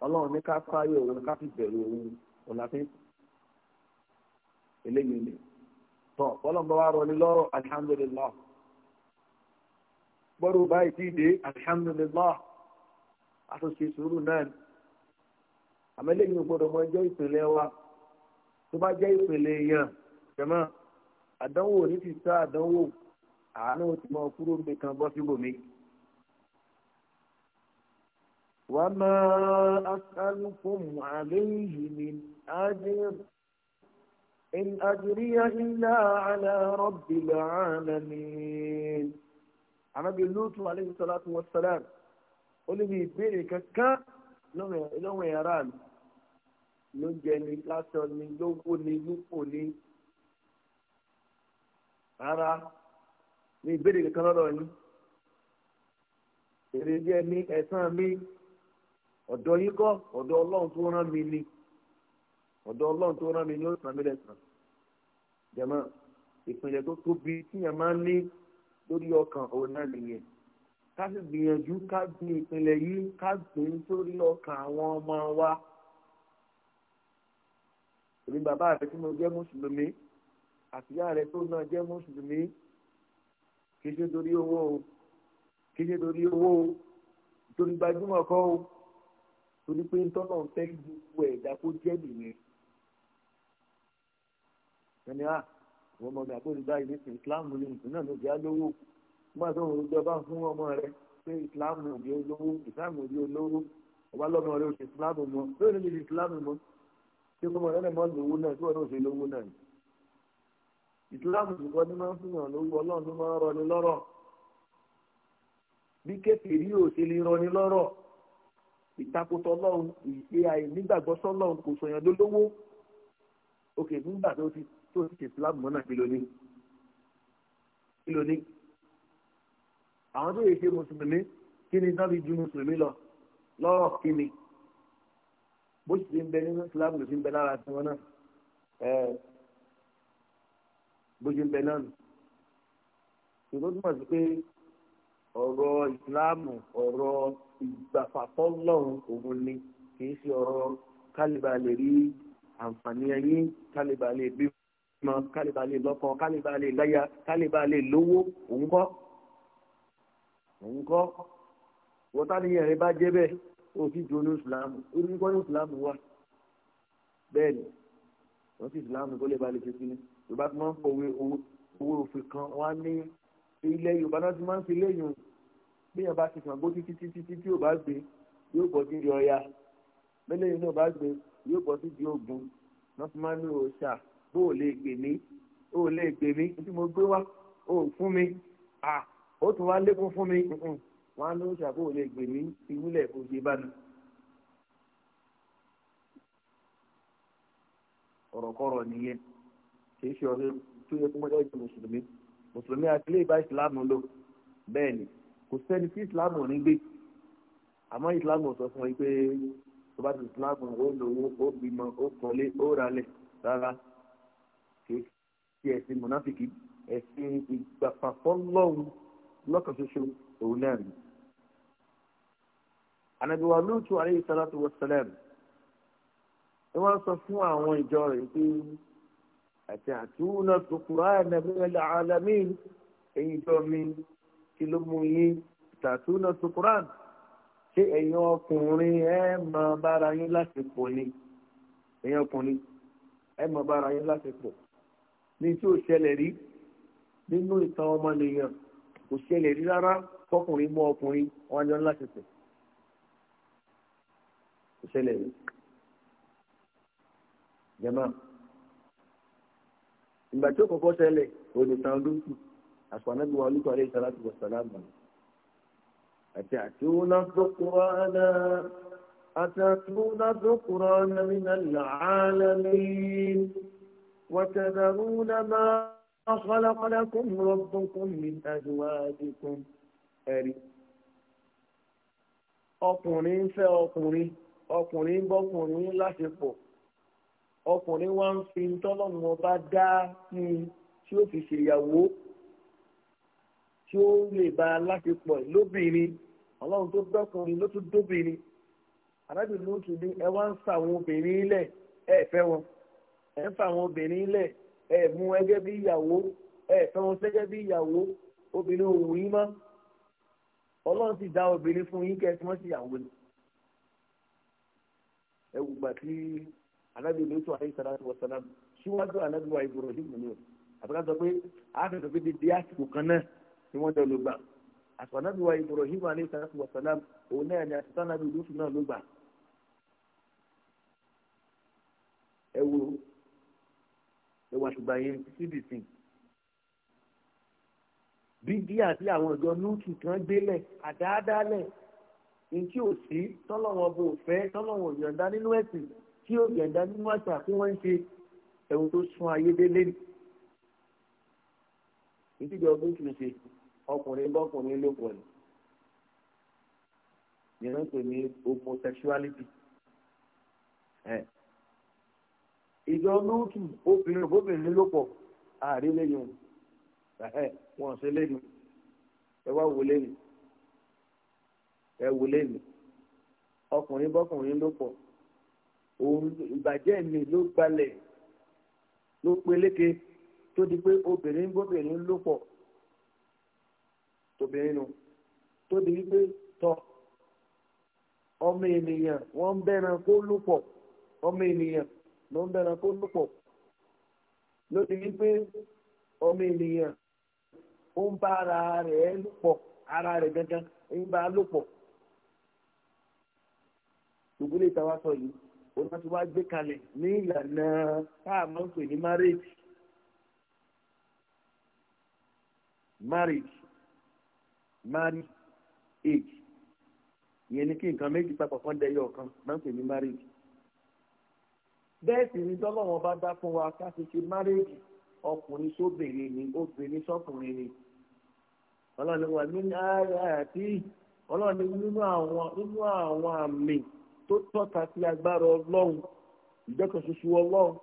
ọlọ́run ní ká páyọ̀ òun ká fi bẹ̀rù òun òun àfi eléyìí ni tọ́ ọlọ́run bá wà rọ ní lọ́rọ̀ alihamdulilah gbọ́dọ̀ báyìí tí dé alihamdulilah àtúnṣe sùúrù náà ni àmọ́ eléyìí gbọ́dọ̀ mọ jẹ́ ìpìlẹ̀ wa tó bá jẹ́ ìpìlẹ̀ yẹn jẹ̀mọ́ àdánwò ní ti sá àdánwò àánú ti mọ kúrò mi kan bọ́ síbòmí. وما أسألكم عليه من أجر إن أجري إلا على رب العالمين عن أبي لوط عليه الصلاة والسلام ó ìbéèrè kankan lọ́wọ́ ẹ̀rá mi ló ń jẹ ni lásán ni lówó ni nípò ni rárá ní ìbéèrè kankan lọ́dọ̀ yín èrè díẹ̀ ní ẹ̀san mi ọ̀dọ̀ yín kọ́ ọ̀dọ̀ ọlọ́run tó rán mi ni ọ̀dọ̀ ọlọ́run tó rán mi ni ó sàn mí lẹ́sàn jẹ̀mọ́ ìpìlẹ̀ tó tóbi tíyẹn máa ń ní lórí ọkàn òun náà nìyẹn ká sì gbìyànjú ká gbin ìpìlẹ̀ yìí ká gbìn sórí ọkàn àwọn ọmọ wa èmi bàbá rẹ tí mo jẹ́ mùsùlùmí àtìyá rẹ tó náà jẹ́ mùsùlùmí kì í ṣe torí owó o kì í ṣe torí owó o torí gbajúmọ̀ kọ́ o torí pé ń tọ́nà ń fẹ́ gbogbo ẹ̀dá kó jẹ́ nìyẹn. ẹni à ah, wọ́n mọ̀ gbàgbọ́ ìgbà ìdí sí Islam ní ìsìn náà ló jẹ́ lówó máa tó ń jọba fún ọmọ rẹ pé ìsìláàmù òbí olówó ìsìláàmù òbí olówó ọba lọ́mọ rẹ oṣù ìsìláàmù mọ́ lóyún níbi ìsìláàmù mọ́ tí ọmọ rẹ mọ́ lówó náà tí wọ́n ṣe lówó náà ìsìláàmù ṣùgbọ́n ní máa ń fún yàn lówó ọlọ́run ló máa ń rọ ní lọ́rọ̀ bí kékeré ò ṣe lè rọ ní lọ́rọ̀ ìtakùtọ̀ ọlọ́run ìṣe àìnígbàgbọ́ sọ́lọ́run kò àwọn tó yẹ ṣe mùsùlùmí kí ni tán fi ju mùsùlùmí lọ lọ́rọ̀ kí ni bó sì ti ń bẹ nínú islam ló ti ń bẹ lára tiwọn náà ẹ bó ṣe ń bẹ náà nù ṣùgbọ́n túmọ̀ sí pé ọ̀rọ̀ ìsìláàmù ọ̀rọ̀ ìgbàfàfọ́ lọ́hùn òun ni kì í ṣe ọ̀rọ̀ kálíbà lè rí àǹfààní ẹyìn kálíbà lè bímọ kálíbà lè lọ́kọ kálíbà lè láya kálíbà lè lówó òun kọ́ òun kọ́ wọ́n tá níyàn rẹ bá jẹ́ bẹ́ẹ̀ ó sì ju onú ìsìlámù ó ní kọ́ ní ìsìlámù wà bẹ́ẹ̀ ni wọ́n sì ìsìlámù kó lè ba lè ṣe sí ni yorùbá ti máa ń pọ̀ owó òfin kan wá ní ilẹ̀ yorùbá náà ti máa ń fi léyìn bíyàn bá ti sàǹgbó títí títí tí ò bá gbé yóò bọ́ sí di ọya mẹ́lẹ́yìn náà bá gbé yóò bọ́ sí di ogun náà fi máa ń ní òòṣà bó o lè gbè mí o lè gbè mí tí mo gbé wá ó fún mi à ó tún wá lékún fún mi wọn á ló ṣàkóso lè gbè mí ìwúlẹ̀ òye bá mi. ọ̀rọ̀kọ̀rọ̀ nìyẹn kì í ṣe ọ̀rẹ́ tó yẹ kó mọ́jọ́ ìjọ mùsùlùmí mùsùlùmí akílé ìbá ìsìláàmù lò bẹ́ẹ̀ ni kò sẹ́ni tí ìsìláàmù ò ní gbé àmọ́ ìsìláàmù sọ fún ẹ pé tó bá ti ìsìláàmù ó lówó ó bímọ ó kọ́lé ó ralẹ̀ rárá kì í ṣe ẹ̀sìn mọ̀náfìkì ẹ̀sìn ìgbàpàpọ̀ lọ́hùn lọ́kàn ṣoṣo òun náà rí. ànàbíwá lóòtú alayhi salatu wa salam ni wọ́n sọ fún àwọn ìjọ rẹ̀ pé àti àtúnà tòkùrá nàbẹ́lẹ̀ alámì ẹ̀yìn ìjọ mi kí ló mú yín tàtúnà tòkùrá ṣé ẹ̀yin ọkùnrin ẹ máa bára yín lásìkò ni ẹ̀yin ọkùnrin ẹ máa bára yín lásìkò ní tí ò ṣẹlẹ̀ rí nínú ìtàn ọmọnìyàn kò ṣẹlẹ̀ rí rárá fọkùnrin mọ́ ọkùnrin wọn jọ ńlá ṣẹṣẹ kò ṣẹlẹ̀ rí jama ìgbà tí ó kọ́kọ́ ṣẹlẹ̀ onìkan ọdún kù àpò anábìwá olùkọ́ alẹ́ ìsàlá ti wọ̀ sàlá àgbà àti àtiwọ́nà dọ́kùrọ̀ àná أتأتون ذكران من العالمين وتذرون ما خلق لكم ربكم من أزواجكم أري ọkùnrin ń fẹ́ ọkùnrin ọkùnrin ń bọ́kùnrin láṣepọ̀ ọkùnrin wá ń fi tọ́lọ́mọ bá dá sí i tí ó fi ṣèyàwó tí ó lè bá a láṣepọ̀ lóbìnrin ọlọ́run tó dọ́kùnrin ló tún dóbìnrin arábìnrin ló tún ní ẹ wá ń fa àwọn obìnrin lẹ̀ ẹ fẹ́ wọn ẹ ń fa àwọn obìnrin lẹ̀ ẹ mú ẹgẹ́ bí ìyàwó ẹ fẹ́ wọn bí ìyàwó obìnrin òwú yín mọ́ ọlọ́run sì dá obìnrin fún yín kẹ́ ẹ tí wọ́n sì yàwó ni ẹ wù gbà tí anábì lóṣù àyè sara wọ sara síwájú ìgbòrò àbúrò sọ pé sọ pé dídí àsìkò kan náà ni jọ ló gbà àsìkò ìgbòrò sara wọ sara ẹ wá ṣùgbọ́n yẹn síbi sìn bídíà tí àwọn ìjọ nútù kan gbélẹ̀ àdáadáalẹ̀ ntí ò sí tọ́lọ́wọ́n bò fẹ́ tọ́lọ́wọ́n yọ̀ǹda nínú ẹ̀sìn tí ò yọ̀ǹda nínú àṣà tí wọ́n ń ṣe ẹ̀hún tó sún ayédélé nì. ìdíjọ búùtù ṣe ọkùnrin bọ́kùnrin ló pọ̀ ní. ìrántí ní homosexuality. Eh ìjọ lóòtù obìnrin òbóbìnrin ló pọ̀ ààrẹ lẹ́yìn òun wọn ṣe lẹ́yìn ẹ wá wò lẹ́yìn ẹ wò lẹ́yìn ọkùnrin bọ́kùnrin ló pọ̀ òun ìbàjẹ́ mi ló gbalẹ̀ ló peléke tó di pé obìnrin bóbìnrin ló pọ̀ tóbìnrin nu tó di wípé tọ ọmọ ènìyàn wọ́n ń bẹ́ran kó ló pọ̀ ọmọ ènìyàn ló ń bẹ̀rẹ̀ kó lòpọ̀ lórí wípé ọmọ ènìyàn ó ń bá ara rẹ̀ lòpọ̀ ara rẹ̀ gangan ń bá a lòpọ̀ ṣùgbọ́n lè tàwa sọ yìí òun láti wá gbé kalẹ̀ ní ìlànà tá a máa ń pè ní marriage marriage marriage age ìyẹn ni kí nǹkan méjì papọ̀ kan dẹyọ ọ̀kan máa ń pè ní marriage bẹ́ẹ̀ sì ni tọ́lọ́wọ́n bá dá fún wa ká fi ṣe márèèjì ọkùnrin sóbìnrin ni obìnrin sọkùnrin ni ọlọ́ni wà ní ààrẹ àti ọlọ́ni nínú àwọn nínú àwọn àmì tó tọ́ka sí agbára ọlọ́run ìjọkan ṣoṣo ọlọ́run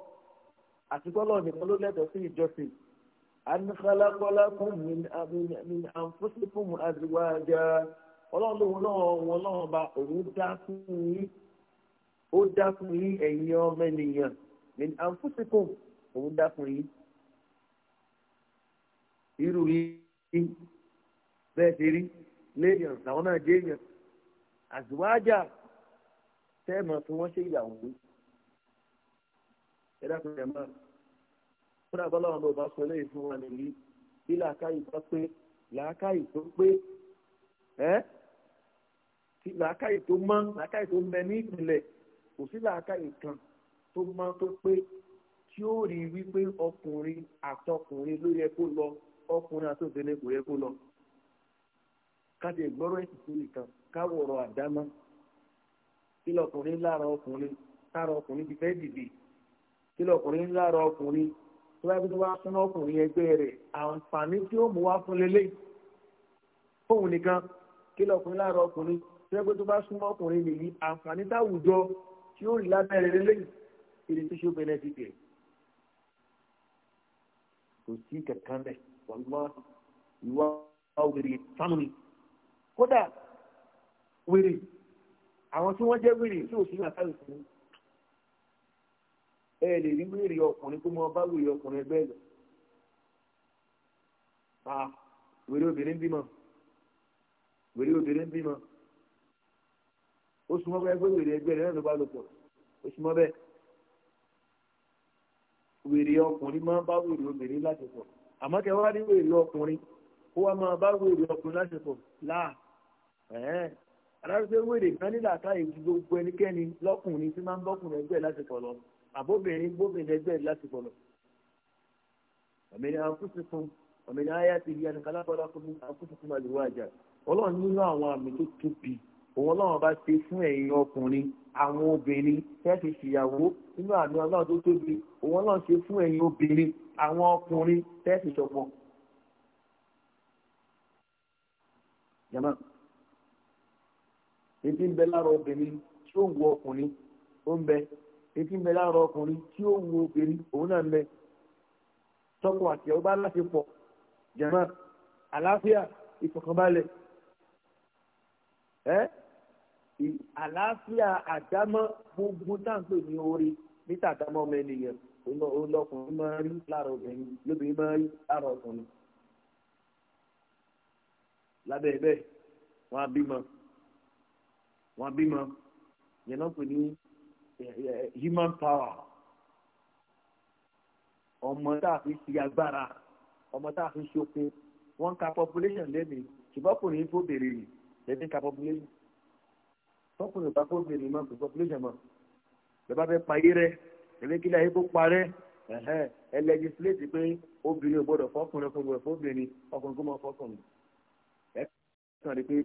àti tọ́lọ́ nìkan ló lẹ́tọ̀ọ́ sí ìjọsìn anìkàlákọ́lákùn ní àǹfọ́sífùmù àdìwájà ọlọ́run lòun náà wọn náà ba òun dá fún yín ó dá fún yín ẹ̀yin ọmọ ènìyàn ní àǹfùsìkùn òun dá fún yín irú yín bẹ́ẹ̀ ti rí léèyàn làwọn náà jẹ́ èèyàn àzùwájà tẹ́ẹ̀mọ̀ tí wọ́n ṣe ìyàwó ẹ dákun ẹ̀ máa fúnra bọ́lá wọn ló sọ lẹ́yìn fún wa nìyí bí làákàyè bá pé làákàyè tó pé ẹ́ làákàyè tó mọ́ làákàyè tó mẹ ní ìpìlẹ̀ kò sí làákàyè kan tó mọ́ tó pé tí ó rí wípé ọkùnrin àtọkùnrin ló yẹ kó lọ ọkùnrin àtọkùnrin kò yẹ kó lọ káde ìgbọ́rọ̀ ẹ̀sìn sí nìkan káwọ̀rọ̀ àdámọ́ kí lọkùnrin lára ọkùnrin lára ọkùnrin ti fẹ́ dìde kí lọkùnrin lára ọkùnrin tó bá gbé wá fún ọkùnrin ẹgbẹ́ rẹ̀ àǹfààní tí ó mú wá fún lélẹ́yìí fóun nìkan kí lọkùnrin lára ọkùnrin tó bá gbé tó bá súnmọ́ ọkùnrin nìyí àǹfààní táwùjọ tí ó rí lábẹ́rẹ́ lélẹ́yìn èrè tó ṣe ó bẹ̀rẹ̀ ti bẹ̀rẹ̀ kò sí kankan bẹ̀ wàlúwà ìwà òwèrè sánúmi kódà wèrè àwọn tí wọ́n jẹ́ wèrè tí ò sí àtàlù fún ẹ lè rí wèrè ọkùnrin tó mọ bá wèrè ọkùnrin ẹgbẹ́ lọ ah, wèrè obìnrin bímọ wèrè obìnrin bímọ ó súnmọ́ bẹ́ẹ̀ pé wèrè ẹgbẹ́ rẹ̀ náà ló bá lò pọ̀ ó súnmọ́ bẹ́ẹ̀ wèrè ọkùnrin máa ń bá wèrè obìnrin láṣepọ̀ àmọ́ tẹ wá rí wèrè ọkùnrin kó wá máa bá wèrè ọkùnrin láṣepọ̀ láà aláṣẹ wèrè kan nílà táyé gbogbo ẹnikẹ́ni lọ́kùnrin tí máa ń bọ́kùnrin ẹgbẹ́ láṣepọ̀ lọ àbóbìnrin bóbìnrin ẹgbẹ́ láṣepọ̀ lọ. ọ̀mìnira àkúṣekun ọ̀mìnira ayé àti ìyá nìkan lápá ọlọ́kùnrin àkúṣekun àlùwà àjà ọlọ́run nínú àwọn àmì tó tóbi òun ọlọ́run bá ṣe fún ẹ̀yin ọkùnrin àwọn obìnrin tẹ́ẹ̀fì ṣìyàwó nínú àmì ọlọ́run tó tóbi òun ọlọ́run ṣe fún ẹ̀yin obìnrin àwọn ọkùnrin tẹ́ẹ̀fì ṣọpọ. yàmá ebi ń bẹ lára obìnrin tí ó ń wo ọkùnrin ó ń bẹ etí ń bẹ lára ọkùnrin tí ó ń wo obìnrin òun náà ń bẹ tọkọ àti ọba àlàáfíà àlàáfíà àdámọ́ gbogbo táǹpẹ̀ ní orí níta àdámọ́ ọmọ ènìyàn olọkùnrin máa rí lára obìnrin lóbìnrin máa rí lára ọkùnrin lábẹ́ ẹ̀bẹ́ wọn á bímọ wọn á bímọ yẹn náà pè ní human power ọmọ tá a fi ṣe agbára ọmọ tá a fi ṣe okun wọn ka population lẹ́nu ṣùgbọ́n kò ní í fò bèrè rè lẹ́nu ka population tọkùnrin bá kó bèrè mọ gbogbo population mọ bàbá fẹ́ payé rẹ ẹbí kílẹ̀ ayé kó parẹ́ ẹ lẹ́gísílẹ́tì pé obìnrin ò gbọ́dọ̀ fọkùnrin kò gbọ́dọ̀ fọbìnrin ọkùnrin kò mọ fọkùnrin ẹ kàn rí pé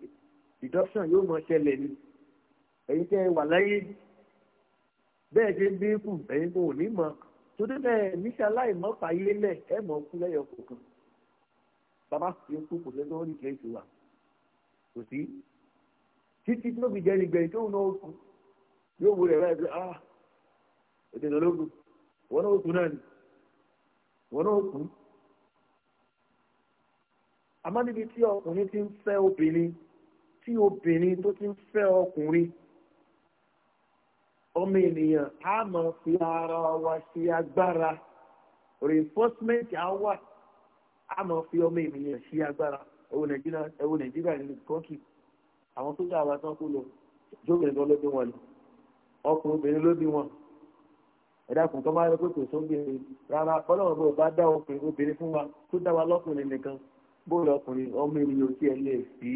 deduction yóò mọ ṣẹlẹ̀ ni ẹ̀yin tẹ́ ẹ wà láyé bẹ́ẹ̀ ṣe ń bí kù ẹ̀yin kò ní mọ torí bẹ́ẹ̀ níṣẹ́ aláìmọ́ fàyé lẹ̀ ẹ mọ̀ kú lẹ́yọ̀ kọ̀ọ̀kan bàbá sì kú kò sẹ́ni títí tí ó fi jẹrin gbẹ̀yìn tó ń náwó kù yóò wúlò ẹ̀rọ ẹ̀fẹ́ ah ètò ìdánlógún wọn náà kù náà ni wọn náà kù. àmọ́ níbi tí ọkùnrin ti ń fẹ́ obìnrin tí obìnrin tó ti ń fẹ́ ọkùnrin ọmọ ènìyàn á máa fi ara wa ṣe agbára reinforcement á wà á máa fi ọmọ ènìyàn ṣe agbára ẹ̀wọ̀n nàìjíríà nínú kọ́ńtì àwọn tó dá àwọn tán kú lọ jókòó lọ ló bí wọn lọ ọkùnrin obìnrin ló bí wọn ẹ̀dá kùn tó máa ń pèpè sóbìnrin rárá ọlọ́run bó bá dá ọkùnrin obìnrin fún wa tó dá wa lọ́kùnrin nìkan bó lọkùnrin ọmọ ènìyàn tí ẹ lè sí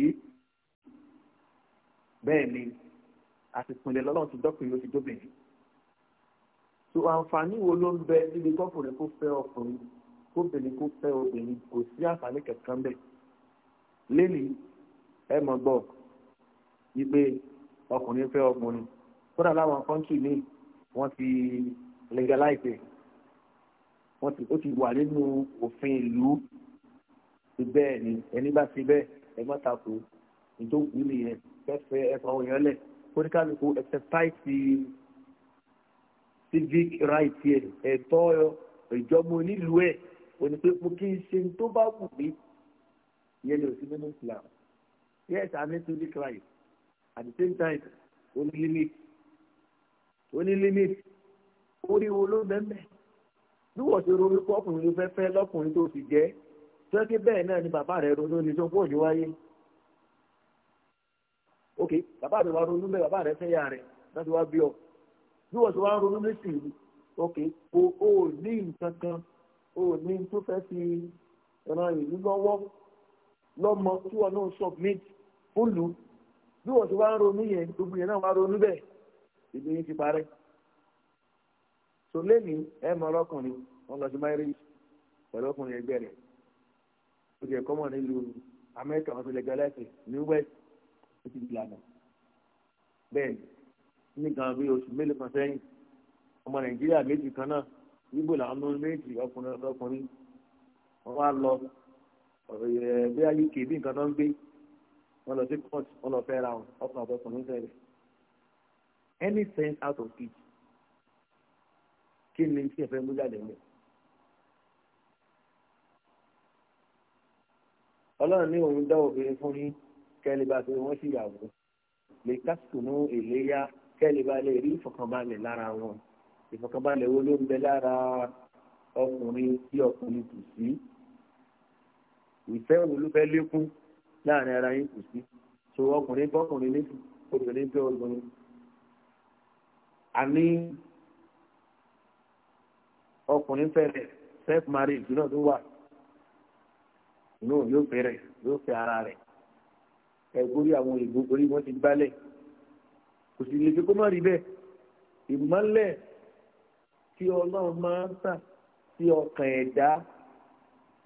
bẹ́ẹ̀ ni àtìpínlẹ̀ lọ́lọ́run ti dọ́kùnrin ló ti dóbìnrin so àǹfààní wo ló ń bẹ níbi kọkùnrin kó fẹ́ ọkùnrin kóbìnrin kó fẹ́ obìnrin kò sí àǹfààní kankan bẹ́ẹ̀ lẹ́nu ẹ mọ̀ gbọ́ wípé ọkùnrin fẹ́ ọkùnrin kódà láwọn kọ́ńtì míì wọ́n ti legalize wọ́n ti ó ti wà nínú òfin ìlú ti bẹ́ẹ̀ ni ẹni bá ti bẹ́ẹ̀ ẹgbọ́n takò ètò òkú nìyẹn fẹ́fẹ́ ẹ̀fọ́ àwọn èèyàn lẹ̀ kóníkàlùkù exercise civic right yẹ ẹ̀tọ́ ìjọba onílùú ẹ̀ òní pé mo kí n ṣe tó bá wù mí ìyẹn ni ò sí nínú Islam yes I mean civic right at the same time ó ní limit ó ní limit orí wo ló bẹ́ẹ̀ bí wọ́n ṣe ronú pé ọkùnrin ló fẹ́ fẹ́ lọ́kùnrin tó fi jẹ́ tọ́kí bẹ́ẹ̀ náà ni bàbá rẹ̀ ronú ní tó fóònù wáyé ok bàbá rẹ̀ wá ronú bẹ́ẹ̀ bàbá rẹ̀ fẹ́ yà rẹ̀ láti wá bí ọ bí wọ́n ṣe wá ronú nísìnyí ok o ò ní nǹkan kan o ò ní tó fẹ́ fi ran ìlú lọ́wọ́ lọ́mọ tí wọn náà submit fúlùú bí wọ́n ti wá ń ronú yẹn gbogbo yẹn náà wá ronú bẹ́ẹ̀ ìlú yín ti parẹ́ so lẹ́nu ẹ mọ ọlọ́kùnrin wọn lọ sí márìjì pẹ̀lú ọkùnrin ẹgbẹ́ rẹ̀ ó ti ẹ̀kọ́ nílùú amẹ́ríkà wọn ti lẹ́gbẹ́ láti new west ó ti gbìlànà bẹ́ẹ̀ ní gan bí oṣù mélòó kan sẹ́yìn ọmọ nàìjíríà méjì kan náà ibo làwọn ọmọ méjì ọkùnrin ọkùnrin wọn wá lọ ọ̀rọ̀ ẹ̀ bí ayé kèébí nǹkan náà ń gbé wọ́n lọ sí court wọ́n lọ fẹ́ ra wọn ọkùnrin àbọ̀kùn ní sẹ́lẹ̀ any sense out of it kí ni tí ẹ fẹ́ mú jáde ńlẹ̀ ọlọ́run ní òun dá obìnrin fún yín kẹ́lẹ́bà pé wọ́n sì yàwó lè kásìkòmù ìléyà kẹ́lẹ́bà lè rí ìfọ̀kànbalẹ̀ lára wọn ìfọ̀kànbalẹ̀ wo ló ń bẹ lára ọkùnrin tí ọkùnrin kù sí ìfẹ́ olùfẹ́ lékún láàrin ara yín kù sí so ọkùnrin bọ́kùnrin níbi obìnrin bẹ́ obìnrin àní ọkùnrin fẹ́rẹ̀ self marriage náà ló wà inú yóò fẹ́rẹ̀ yóò fẹ́ ara rẹ̀ ẹ̀gbórí àwọn ìbò orí wọn ti gbálẹ̀ kò sì lè fi kó má rí bẹ́ẹ̀ ìmọ́lẹ̀ tí ọlọ́run máa ń tà sí ọkàn ẹ̀dá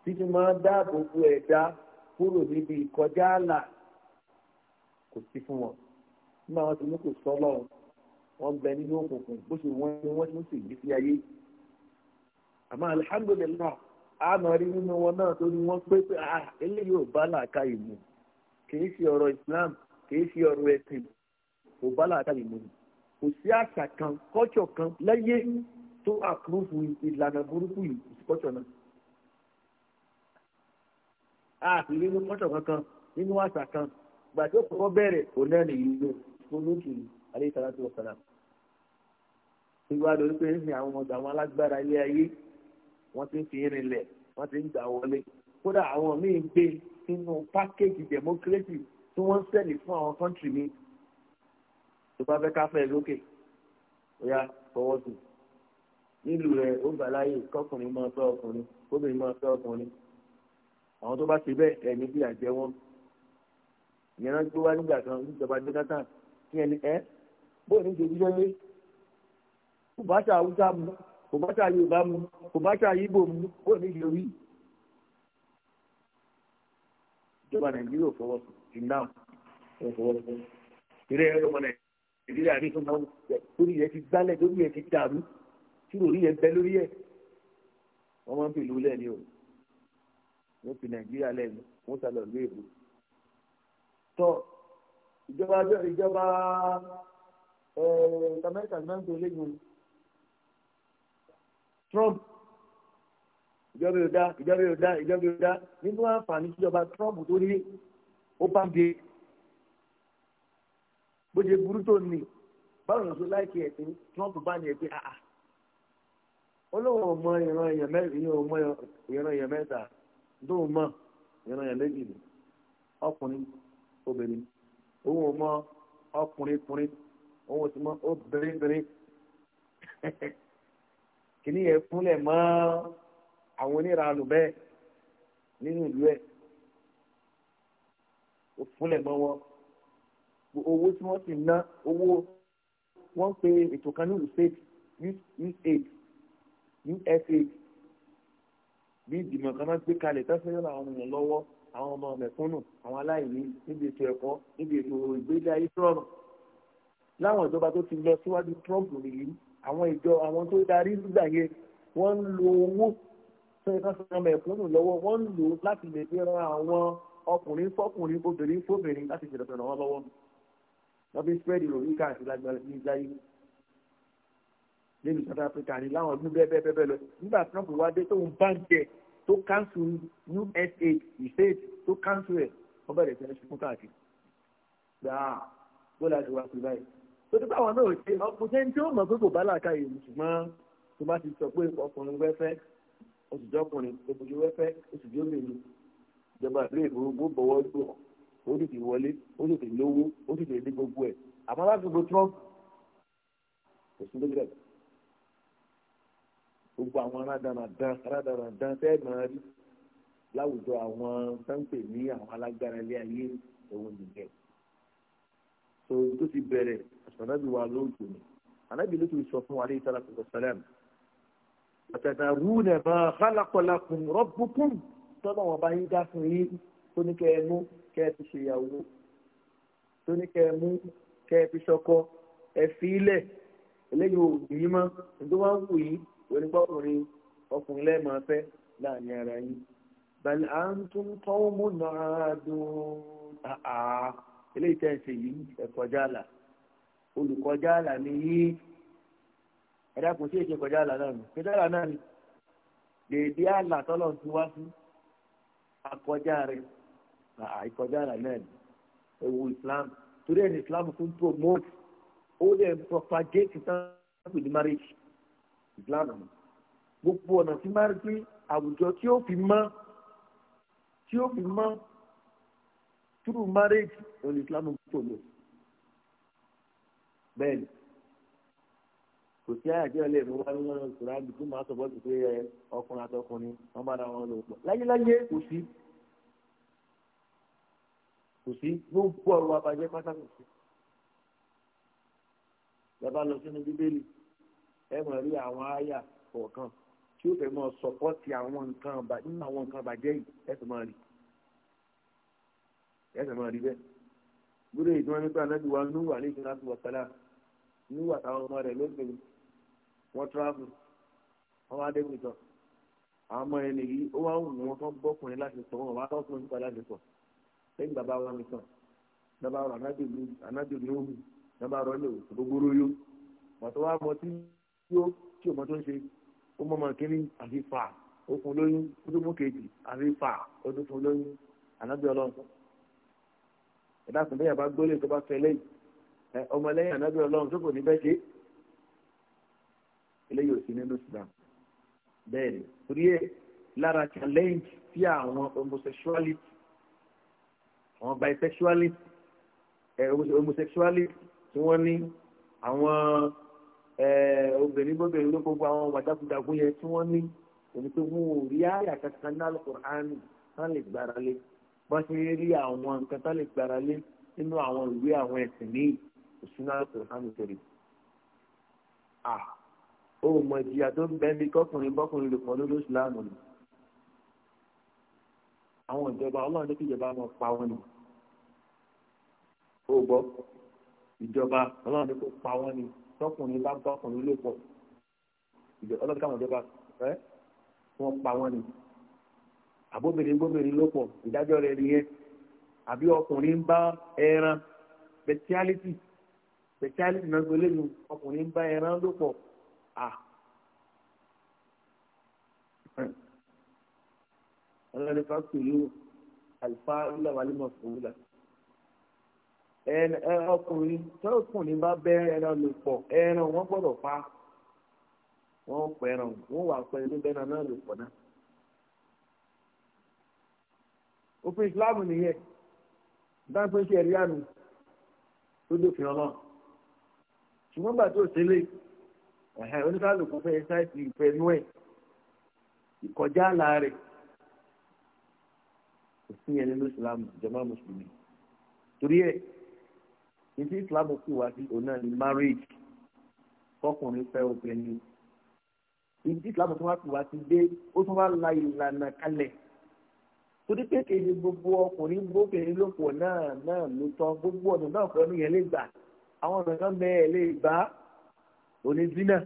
títí máa ń dáàbò bo ẹ̀dá kúrò níbi ìkọjá àlà kò sí fún wọn nígbà wọn ti ní kò sọ lọrùn wọn bẹ nínú òkùnkùn bó ṣe wọn ni wọn ti ń sì gbé sí ayé àmọ́ alihamudulilayi àmọ́ rí nínú wọn náà tó ní wọn pé pé ah eléyìí ò bá làákà ìmú kìí ṣe ọ̀rọ̀ islam kìí ṣe ọ̀rọ̀ ẹsìn ò bá làákà ìmú kò sí àṣà kan kọ́ṣọ̀ kan lẹ́yìn tó àkúrúfù ìlànà burúkú yìí kọ́ṣọ̀ náà a sì rí inú kọ́tọ̀ kankan nínú àṣà kan gbà tó kọ́kọ́ bẹ̀rẹ̀ òun náà nìyí ló olókì alẹ́ ìsàlá tó sọ̀rọ̀ ìgbà lórí pé ń sin àwọn ọmọdé àwọn alágbára ilé ayé wọ́n ti ń fi rinlẹ̀ wọ́n ti ń gbà wọlé kódà àwọn míì ń gbé sínú pákéjì democracy tí wọ́n ń sẹ́lì fún àwọn kọ́ńtì mi tó bá fẹ́ káfẹ́ lókè ọ̀yà fọwọ́ sí nílùú rẹ̀ ó gbà láàyè kọkùnrin máa fẹ́ ọkùnrin kóbìnrin máa fẹ́ ọkùnrin àwọn tó bá ṣe bẹ́ẹ̀ ẹni bí àjẹ wọn ìyẹn náà gbé wá nígbà kan níjọba jonathan kí ẹni ẹ bóyá ní ìṣèjú yẹn kò bá ṣe haúsá mu kò bá ṣe yorùbá mu kò bá ṣe ibo mu bóyá ní ìṣèjú ìjọba nàìjíríà fọwọ́ sí náà fọwọ́ sí ìrẹ́ ẹ̀rọ ọmọ nàìjíríà rí fún náà lórí rẹ ti gbálẹ̀ lórí rẹ ti dàrú tí lórí rẹ bẹ lórí ẹ wọ́n máa ń pè lólẹ́ ni o wọ́n fi nàìjíríà lẹ́nu wọ́n sálọ ìlú èbó tọ́ ìjọba ìjọba amẹ́ríkà náà ń tó léyìn Trump ìjọba yóò dá ìjọba yóò dá ìjọba yóò dá nínú àǹfààní tíjọba Trump tó ní ó bá ń gbé bó ṣe burú tó ní báwo ló ṣe láìkí ẹ̀ pé Trump bá ní ẹ̀ pé àà olóhùn ọmọ ìran èèyàn mẹ́ta dóun mọ̀ ìran yẹn méjì ni ọkùnrin obìnrin òun ò mọ ọkùnrin kùnrin òun ò sì mọ obìnrin *laughs* kìíní yẹn fúnlẹ̀ mọ́ àwọn oníranù bẹ́ẹ̀ nínú ìlú ẹ̀ ó fúnlẹ̀ mọ́ wọn owó tí wọ́n sì ná owó wọ́n pe ètò kan ní usaid usaid usaid bí ìgbìmọ̀ kan máa gbé kalẹ̀ tẹ́sán yóò làwọn èèyàn lọ́wọ́ àwọn ọmọ mẹ̀kúnnù àwọn aláìní níbi ètò ẹ̀kọ́ níbi ètò ìgbélé ayé rọrùn láwọn ìjọba tó ti lọ síwájú Trump nìyí àwọn ìjọ àwọn tó darí nígbà yẹn wọ́n ń lo owó sẹ́yìn kan sọ́nà mẹ̀kúnnù lọ́wọ́ wọ́n ń lò láti lè fi ran àwọn ọkùnrin fọkùnrin obìnrin fóbìnrin láti ṣèlọ́sọ̀rọ̀ wọn lọ́wọ́ wọ́n fi spread ìròyìn káàkiri lágbàáyé nílùú South Africa ní láwọn ọdún bẹ́ẹ̀ bẹ́ẹ̀ bẹ́ẹ̀ lọ nígbà Trump wá dé tóun báńkì ẹ̀ tó káńsù USAID USAID tó káńsù ẹ̀ wọ́n bẹ̀rẹ̀ fẹ́ẹ́ sunkún káàkiri gbàá bó láti wá sí báyìí tó báwọn náà ṣe ọkùnrin tí ó mọ̀ pé kò bá làákà yìí ṣùgbọ́n tó bá ti sọ pé ọkùnrin wẹ́fẹ́ oṣùjọ́kùnrin oṣùjọ́ wẹ́fẹ́ oṣùjọ́ obìnrin ìjọba ìlú ìfowópamọ́ bọ̀wọ́ lò ó gbogbo àwọn aládàradàn aládàradàn tẹ́ẹ̀mọ̀ rí láwùjọ àwọn sáńpẹ̀ ní àwọn alágbára ilé ayé òun nìyẹn so tó ti bẹ̀rẹ̀ àtànábì wa lóòjò ni ànábì ló ti sọ fún wa alayhi salatu wa salam àtàdàrúnẹ̀ ma khalaqa lakum rabbukum tọ́lá wọn bá yín dá fún yín tó ní kẹ́ ẹ mú kẹ́ ẹ fi ṣèyàwó tó ẹ mú kẹ́ ẹ fi ṣọkọ ẹ fi ilẹ̀ eléyìí ò ní mọ́ nígbà onígbọ́kùnrin ọkùnrin lẹ́ẹ̀mọ́ fẹ́ láàrin ara yín bàlẹ́ à ń tún tọ́wọ́ mú náà dùn àá eléyìí tẹ́ ẹ ṣe yìí ẹ̀kọ́jà àlà olùkọ́jà àlà ni yìí ẹ̀dá kò sí èké kọjá àlà náà ni kọjá àlà náà ni dèédé àlà tọ́lọ̀ ti wá sí akọjá rẹ̀ àìkọjá àlà náà ni ewu Islam torí ẹni Islam fún promote ó lè propagate tán pẹ̀lú marriage islam ni gbogbo ọ̀nà tí máa rí pé àwùjọ tí ó fi mọ́ tí ó fi mọ́ through marriage ọ̀nà islam tó lò bẹ́ẹ̀ ni kò sí àyàjẹ́ ọ̀lẹ́ mi wá nínú ìkùránì tó máa sọ̀bọ́ sí pé ọkùnrin àtọkùnrin wọ́n bá ra wọn lò pọ̀ láyéláyé kò sí kò sí gbogbo ọ̀rọ̀ àbàjẹ́ pátá sí. bàbá lọ sínú bíbélì ẹ mọ̀ rí àwọn àyà kọ̀ọ̀kan tí ó fẹ́ mọ́ sọpọ́tì àwọn nǹkan nínú àwọn nǹkan bàjẹ́ yìí ẹ sì máa rí ẹ sì máa rí bẹ́ẹ̀. gbúdọ̀ èyí tí wọ́n ní pé anábì wa nú wà nígbà láti wọ̀tálà nú wà táwọn ọmọ rẹ̀ lóbìnrin wọ́n tíráfù wọ́n wá débi tán àwọn ọmọ ẹni yìí ó wá wù wọn kán bọ́kùnrin láti sọ wọn wá tọ́kùnrin nípa láti sọ lẹ́yìn bàbá wa mi tán bàbá wa anájò lóhùn bàbá rọ lè gbogbo róyó mọ̀tò wá mọtí tí ó tí ọmọ tó ń ṣe ó mọ ọmọ kínní àfi fà ó fún lóyún ó tó mú kejì àfi fà ó tó fún lóyún ànábì ọlọ́run ẹ̀dá kùn bẹ́ẹ̀ bá gbólé tó bá fẹ́ lẹ́yìn ọmọ lẹ́yìn ànábì ọlọ́run tó kò ní bẹ́ẹ̀ ṣe eléyìí ò sí nínú Islam bẹ́ẹ̀ ni torí ẹ̀ lára challenge sí àwọn homosexuality àwọn bisexuality homosexuality tí wọ́n ní àwọn obìnrin bóbìnrin ló gbogbo àwọn wàdàkùdàkù yẹn tí wọ́n ní òní pé wọn ò rí àyà kankan ní alukur'an tán lè gbára lé bọ́n ṣe rí àwọn nǹkan tán lè gbára lé nínú àwọn ìwé àwọn ẹ̀sìn ní òṣùnà alukur'an tẹ̀lé. ó mọ ìjìyà tó ń bẹ́ mi kọkùnrin bọ́kùnrin lò pọ̀ lórí ìsìláàmù ni àwọn ìjọba ọlọ́run ní kí ìjọba wọn pa wọn ni ó gbọ́ ìjọba ọlọ́run ní kó pa wọn ni tọkùnrin bá bá ọkùnrin ló pọ̀ ìjọ ọlọ́dún káwọn ìjọba ẹ wọ́n pa wọ́n ni àbóbìnrin gbóbìnrin ló pọ̀ ìdájọ́ rẹ̀ nìyẹn àbí ọkùnrin ń bá ẹran speciality speciality náà gbélé nu ọkùnrin ń bá ẹran ló pọ̀ à ọlọ́dún fásitì yìí àlùfáà ńlá wàlúmọ̀ fòwúlà. ọkùnrin tọkùnrin bá bẹ ẹran lò pọ̀ ẹran wọn gbọ́dọ̀ pa wọn pẹ ẹran wọn wà pẹ na bẹ ẹran náà lò pọ̀ náà òfin islam nìyẹn dáńpé ṣe ẹ̀rí àmì tó dófin ọlọ́run ṣùgbọ́n gbà tó ṣẹlẹ̀ ẹ̀hẹ́ oníkálukú fẹ́ ṣáìtì ìfẹ́nú ẹ̀ ìkọjá àlà rẹ̀ òfin yẹn islam mùsùlùmí torí ẹ̀ ìdí islam sì wá sí òun náà ni marriage fọkùnrin fẹ́ obìnrin ìdí islam tó wá sí wá sí dé ó tún wá la ìlànà kalẹ̀ torí pé kéde gbogbo ọkùnrin gbóbìnrin ló pọ̀ náà náà ló tán gbogbo ọ̀nà náà fẹ́ nìyẹn lè gbà àwọn ọ̀nà kan bẹ́ẹ̀ lè gbà òní zina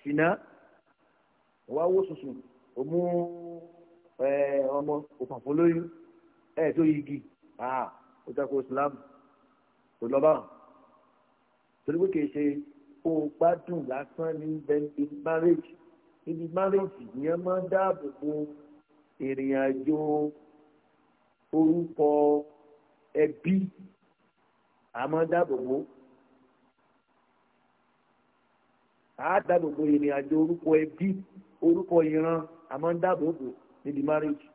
ṣìnà wá wó sùsù òmú ọmọ òfàfọ́ lóyún ẹ̀ tó yigi ó takò islam kò lọ báwọn ṣe o gbádùn lásán ní bẹ́ńkì márèjì níbi márèjì yẹn máa ń dáàbò bo ìrìn àjò orúkọ ẹbí àmọ́ dáàbò bo a dáàbò bo ìrìn àjò orúkọ ẹbí orúkọ ìran àmọ́ dáàbò bo níbi márèjì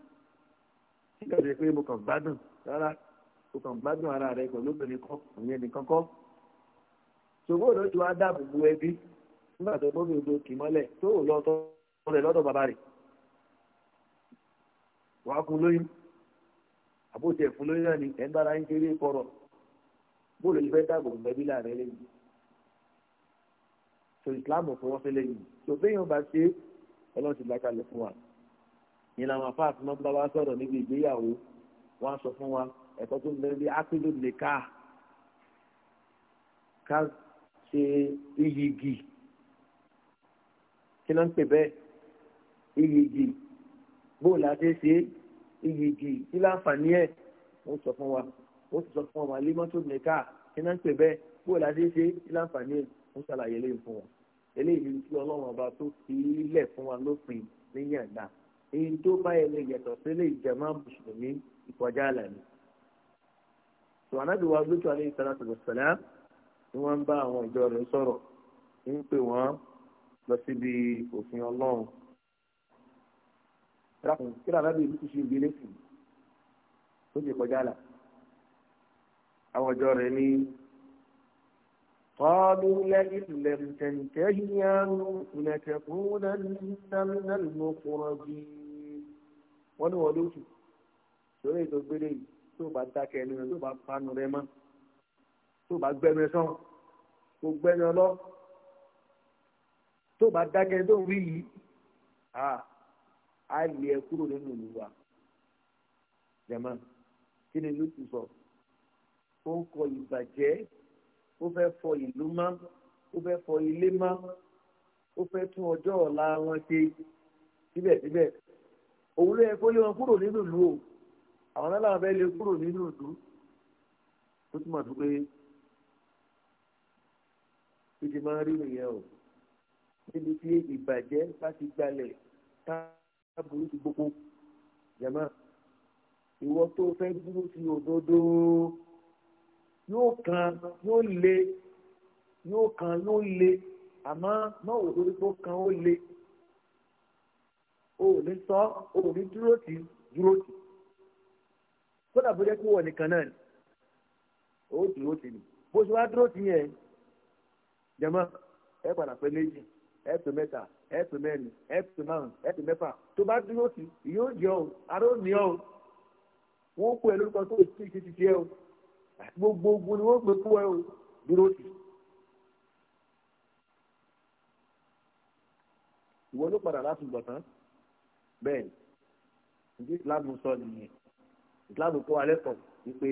nígbà tó yẹ pé mo kàn gbádùn rárá o kàn gbádùn ara rẹ pẹ̀lú obìnrin kan ìyẹn nìkan kọ́ ṣòwò òdòdó wa dáàbò bo ẹbí nígbà tó bóbi odò kì mọ́lẹ̀ tó ò lọ tọ́ rẹ̀ lọ́dọ̀ bàbá rẹ̀ wàá fún lóyún àbótiẹ̀ fún lóyún náà ni ẹ̀ ń bára ń kéré kọ̀rọ̀ bóòlù yìí fẹ́ dáàbò bo ẹbí láàrin lẹ́yìn so islam fún wọn fẹlẹ yìí so béèyàn bá ṣe ọlọ́run ti lákàlẹ̀ fún wa ẹ̀kọ́ tó ń bẹ bí ápílò nìka ká ṣe iyigi kí ló ń pè bẹ́ẹ̀ iyigi bóòlù àti ṣe iyigi kí láǹfààní ẹ̀ wọ́n sọ fún wa wọ́n sọ fún wa límọ́tò nìka kí ló ń pè bẹ́ẹ̀ bóòlù àti ṣe kí láǹfààní ẹ̀ wọ́n ṣàlàyé lẹ́yìn fún wa eléyìí tí ọlọ́run ọba tó fi ilẹ̀ fún wa lópin níyànjú èyí tó bá yẹ lè yàtọ̀ sílé ìjẹ̀mọ́ mùsùlùmí ìkọjá àlàyé sùwànàbí wa lójú alẹ́ ìsàlátù wàsálà ni wọ́n ń bá àwọn ìjọ rẹ̀ sọ̀rọ̀ ń pè wọ́n lọ síbi òfin ọlọ́run rákùn kí lànàbí ìlú ṣe ìgbélé sí tó ti kọjá là àwọn ìjọ rẹ̀ ní قالوا لئن لم تنته يا نوح لتكونن من المخرجين wọn ni wọn lóṣù sórí ètò gbélé yìí tó bá dákẹ́ ẹnu rẹ tó bá panu rẹ mọ́ tó bá gbẹnu ẹ sọ́n kó gbẹnu ọ lọ tó bá dákẹ́ tó ń wí yìí á lé ẹ kúrò nínú ìlú wa jẹ̀mọ́ kí ni ló ti sọ ó ń kọ ìbàjẹ́ ó fẹ́ fọ ìlú mọ́ ó fẹ́ fọ ilé mọ́ ó fẹ́ tún ọjọ́ ọ̀la wọn ṣe síbẹ̀síbẹ̀ òwúrọ̀ ẹ kó lé wọn kúrò nínú ìlú o àwọn aláwọ̀ abẹ́ lè kúrò nínú ìlú tó túmọ̀ tó pé ó ti máa ń rí nìyẹn o níbi tí ìbàjẹ́ bá ti gbalẹ̀ tá a burú ti gbogbo jàmá ìwọ tó fẹ́ dúró sí òdodo yóò kan yóò le yóò kan yóò le àmọ́ mọ́ òdodo tó kan ó le o ò ní sọ o ò ní dúró tì dúró tì kódà bó jẹ́ pé wọ́n nìkan náà ni ó dúró tì mí bó ṣe wá dúró tì yẹn jẹ̀mọ́ ẹ padà pé méjì ẹ pè mẹ́ta ẹ pè mẹ́rin ẹ pè márùn ẹ pè mẹ́fà tó bá dúró tì yóò jẹ́ o aró ní o wọ́n kó ẹ lórúkọ tó ti ti ti tiẹ́ o gbogbo ni wọ́n gbé kú ẹ o dúró tì. ìwọ ló padà láti gbọ̀tán bẹ́ẹ̀ ní islam sọ nìyẹn islam kọ́ alẹ́ kan wípé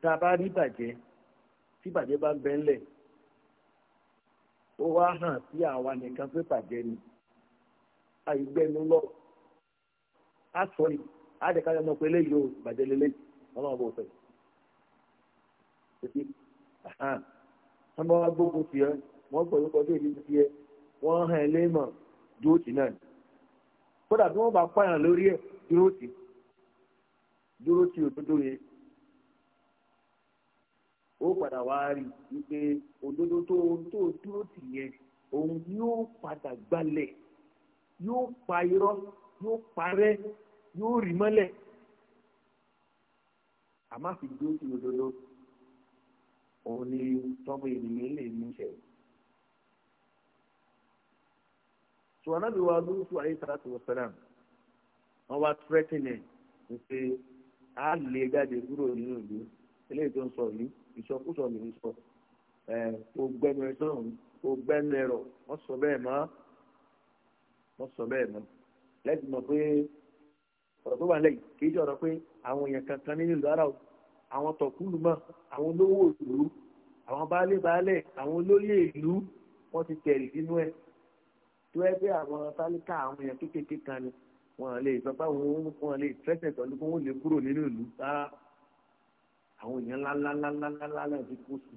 tá a bá rí bàjẹ́ tí bàjẹ́ bá ń bẹ́ ńlẹ̀ ó wá hàn sí àwa nìkan pé bàjẹ́ ni àìgbẹ́nu lọ á sọ ni á dẹ̀ ká yọ ọmọ pé eléyìí ó bàjẹ́ lélẹ́yìí ọlọ́run bò fẹ́ wọ́n bá wá gbógun ti ẹ wọ́n pẹ̀lú kọjú èdè ti ẹ wọ́n hàn ẹ́ lẹ́mọ̀ dúró tì náà kódà bí wọ́n bá pààyàn lórí ẹ̀ dúró tì í dúró tí òdodo yẹn ó padà wá rí i pé òdodo tó tó dúró tì yẹn òun yóò padà gbalẹ̀ yóò pa irọ́ yóò parẹ́ yóò rì mọ́lẹ̀ àmọ́ fi dúró tì òdodo òun ni tọ́mọ ènìyàn lè mú ṣẹ̀wọ̀. sùwọ́n náà bí wàá lóṣù àyè sàràtì wọ́sẹ̀lá wọ́n wá tírẹ́tìnì wípé á lè jáde kúrò nínú ìlú eléyìí tó ń sọ yìí ìsọkúsọ ló ń sọ ẹ kò gbẹnu ẹ tán kò gbẹnu ẹ rọ wọn sọ bẹ́ẹ̀ mọ́ wọn sọ bẹ́ẹ̀ mọ́ lẹ́yìn mọ̀ pé ọ̀rọ̀ tó wà lẹ́yìn kì í ṣe ọ̀rọ̀ pé àwọn èèyàn kankan nínú ìlú ara o àwọn tọ̀kúlù mọ́ àwọn olówó ìlú àwọn baálé baálé àwọn olóyè ìlú wọ́n ti tẹ̀rì sínú ẹ̀ tó ẹgbẹ́ àwọn tálíkà àwọn èèyàn kékeré kan ni wọn lè sọ pé àwọn wọn lè fẹsẹ̀ tọ́lú kó wọ́n lè kúrò nínú ìlú tá àwọn èèyàn ńláńláńláńláńlá ti kó sí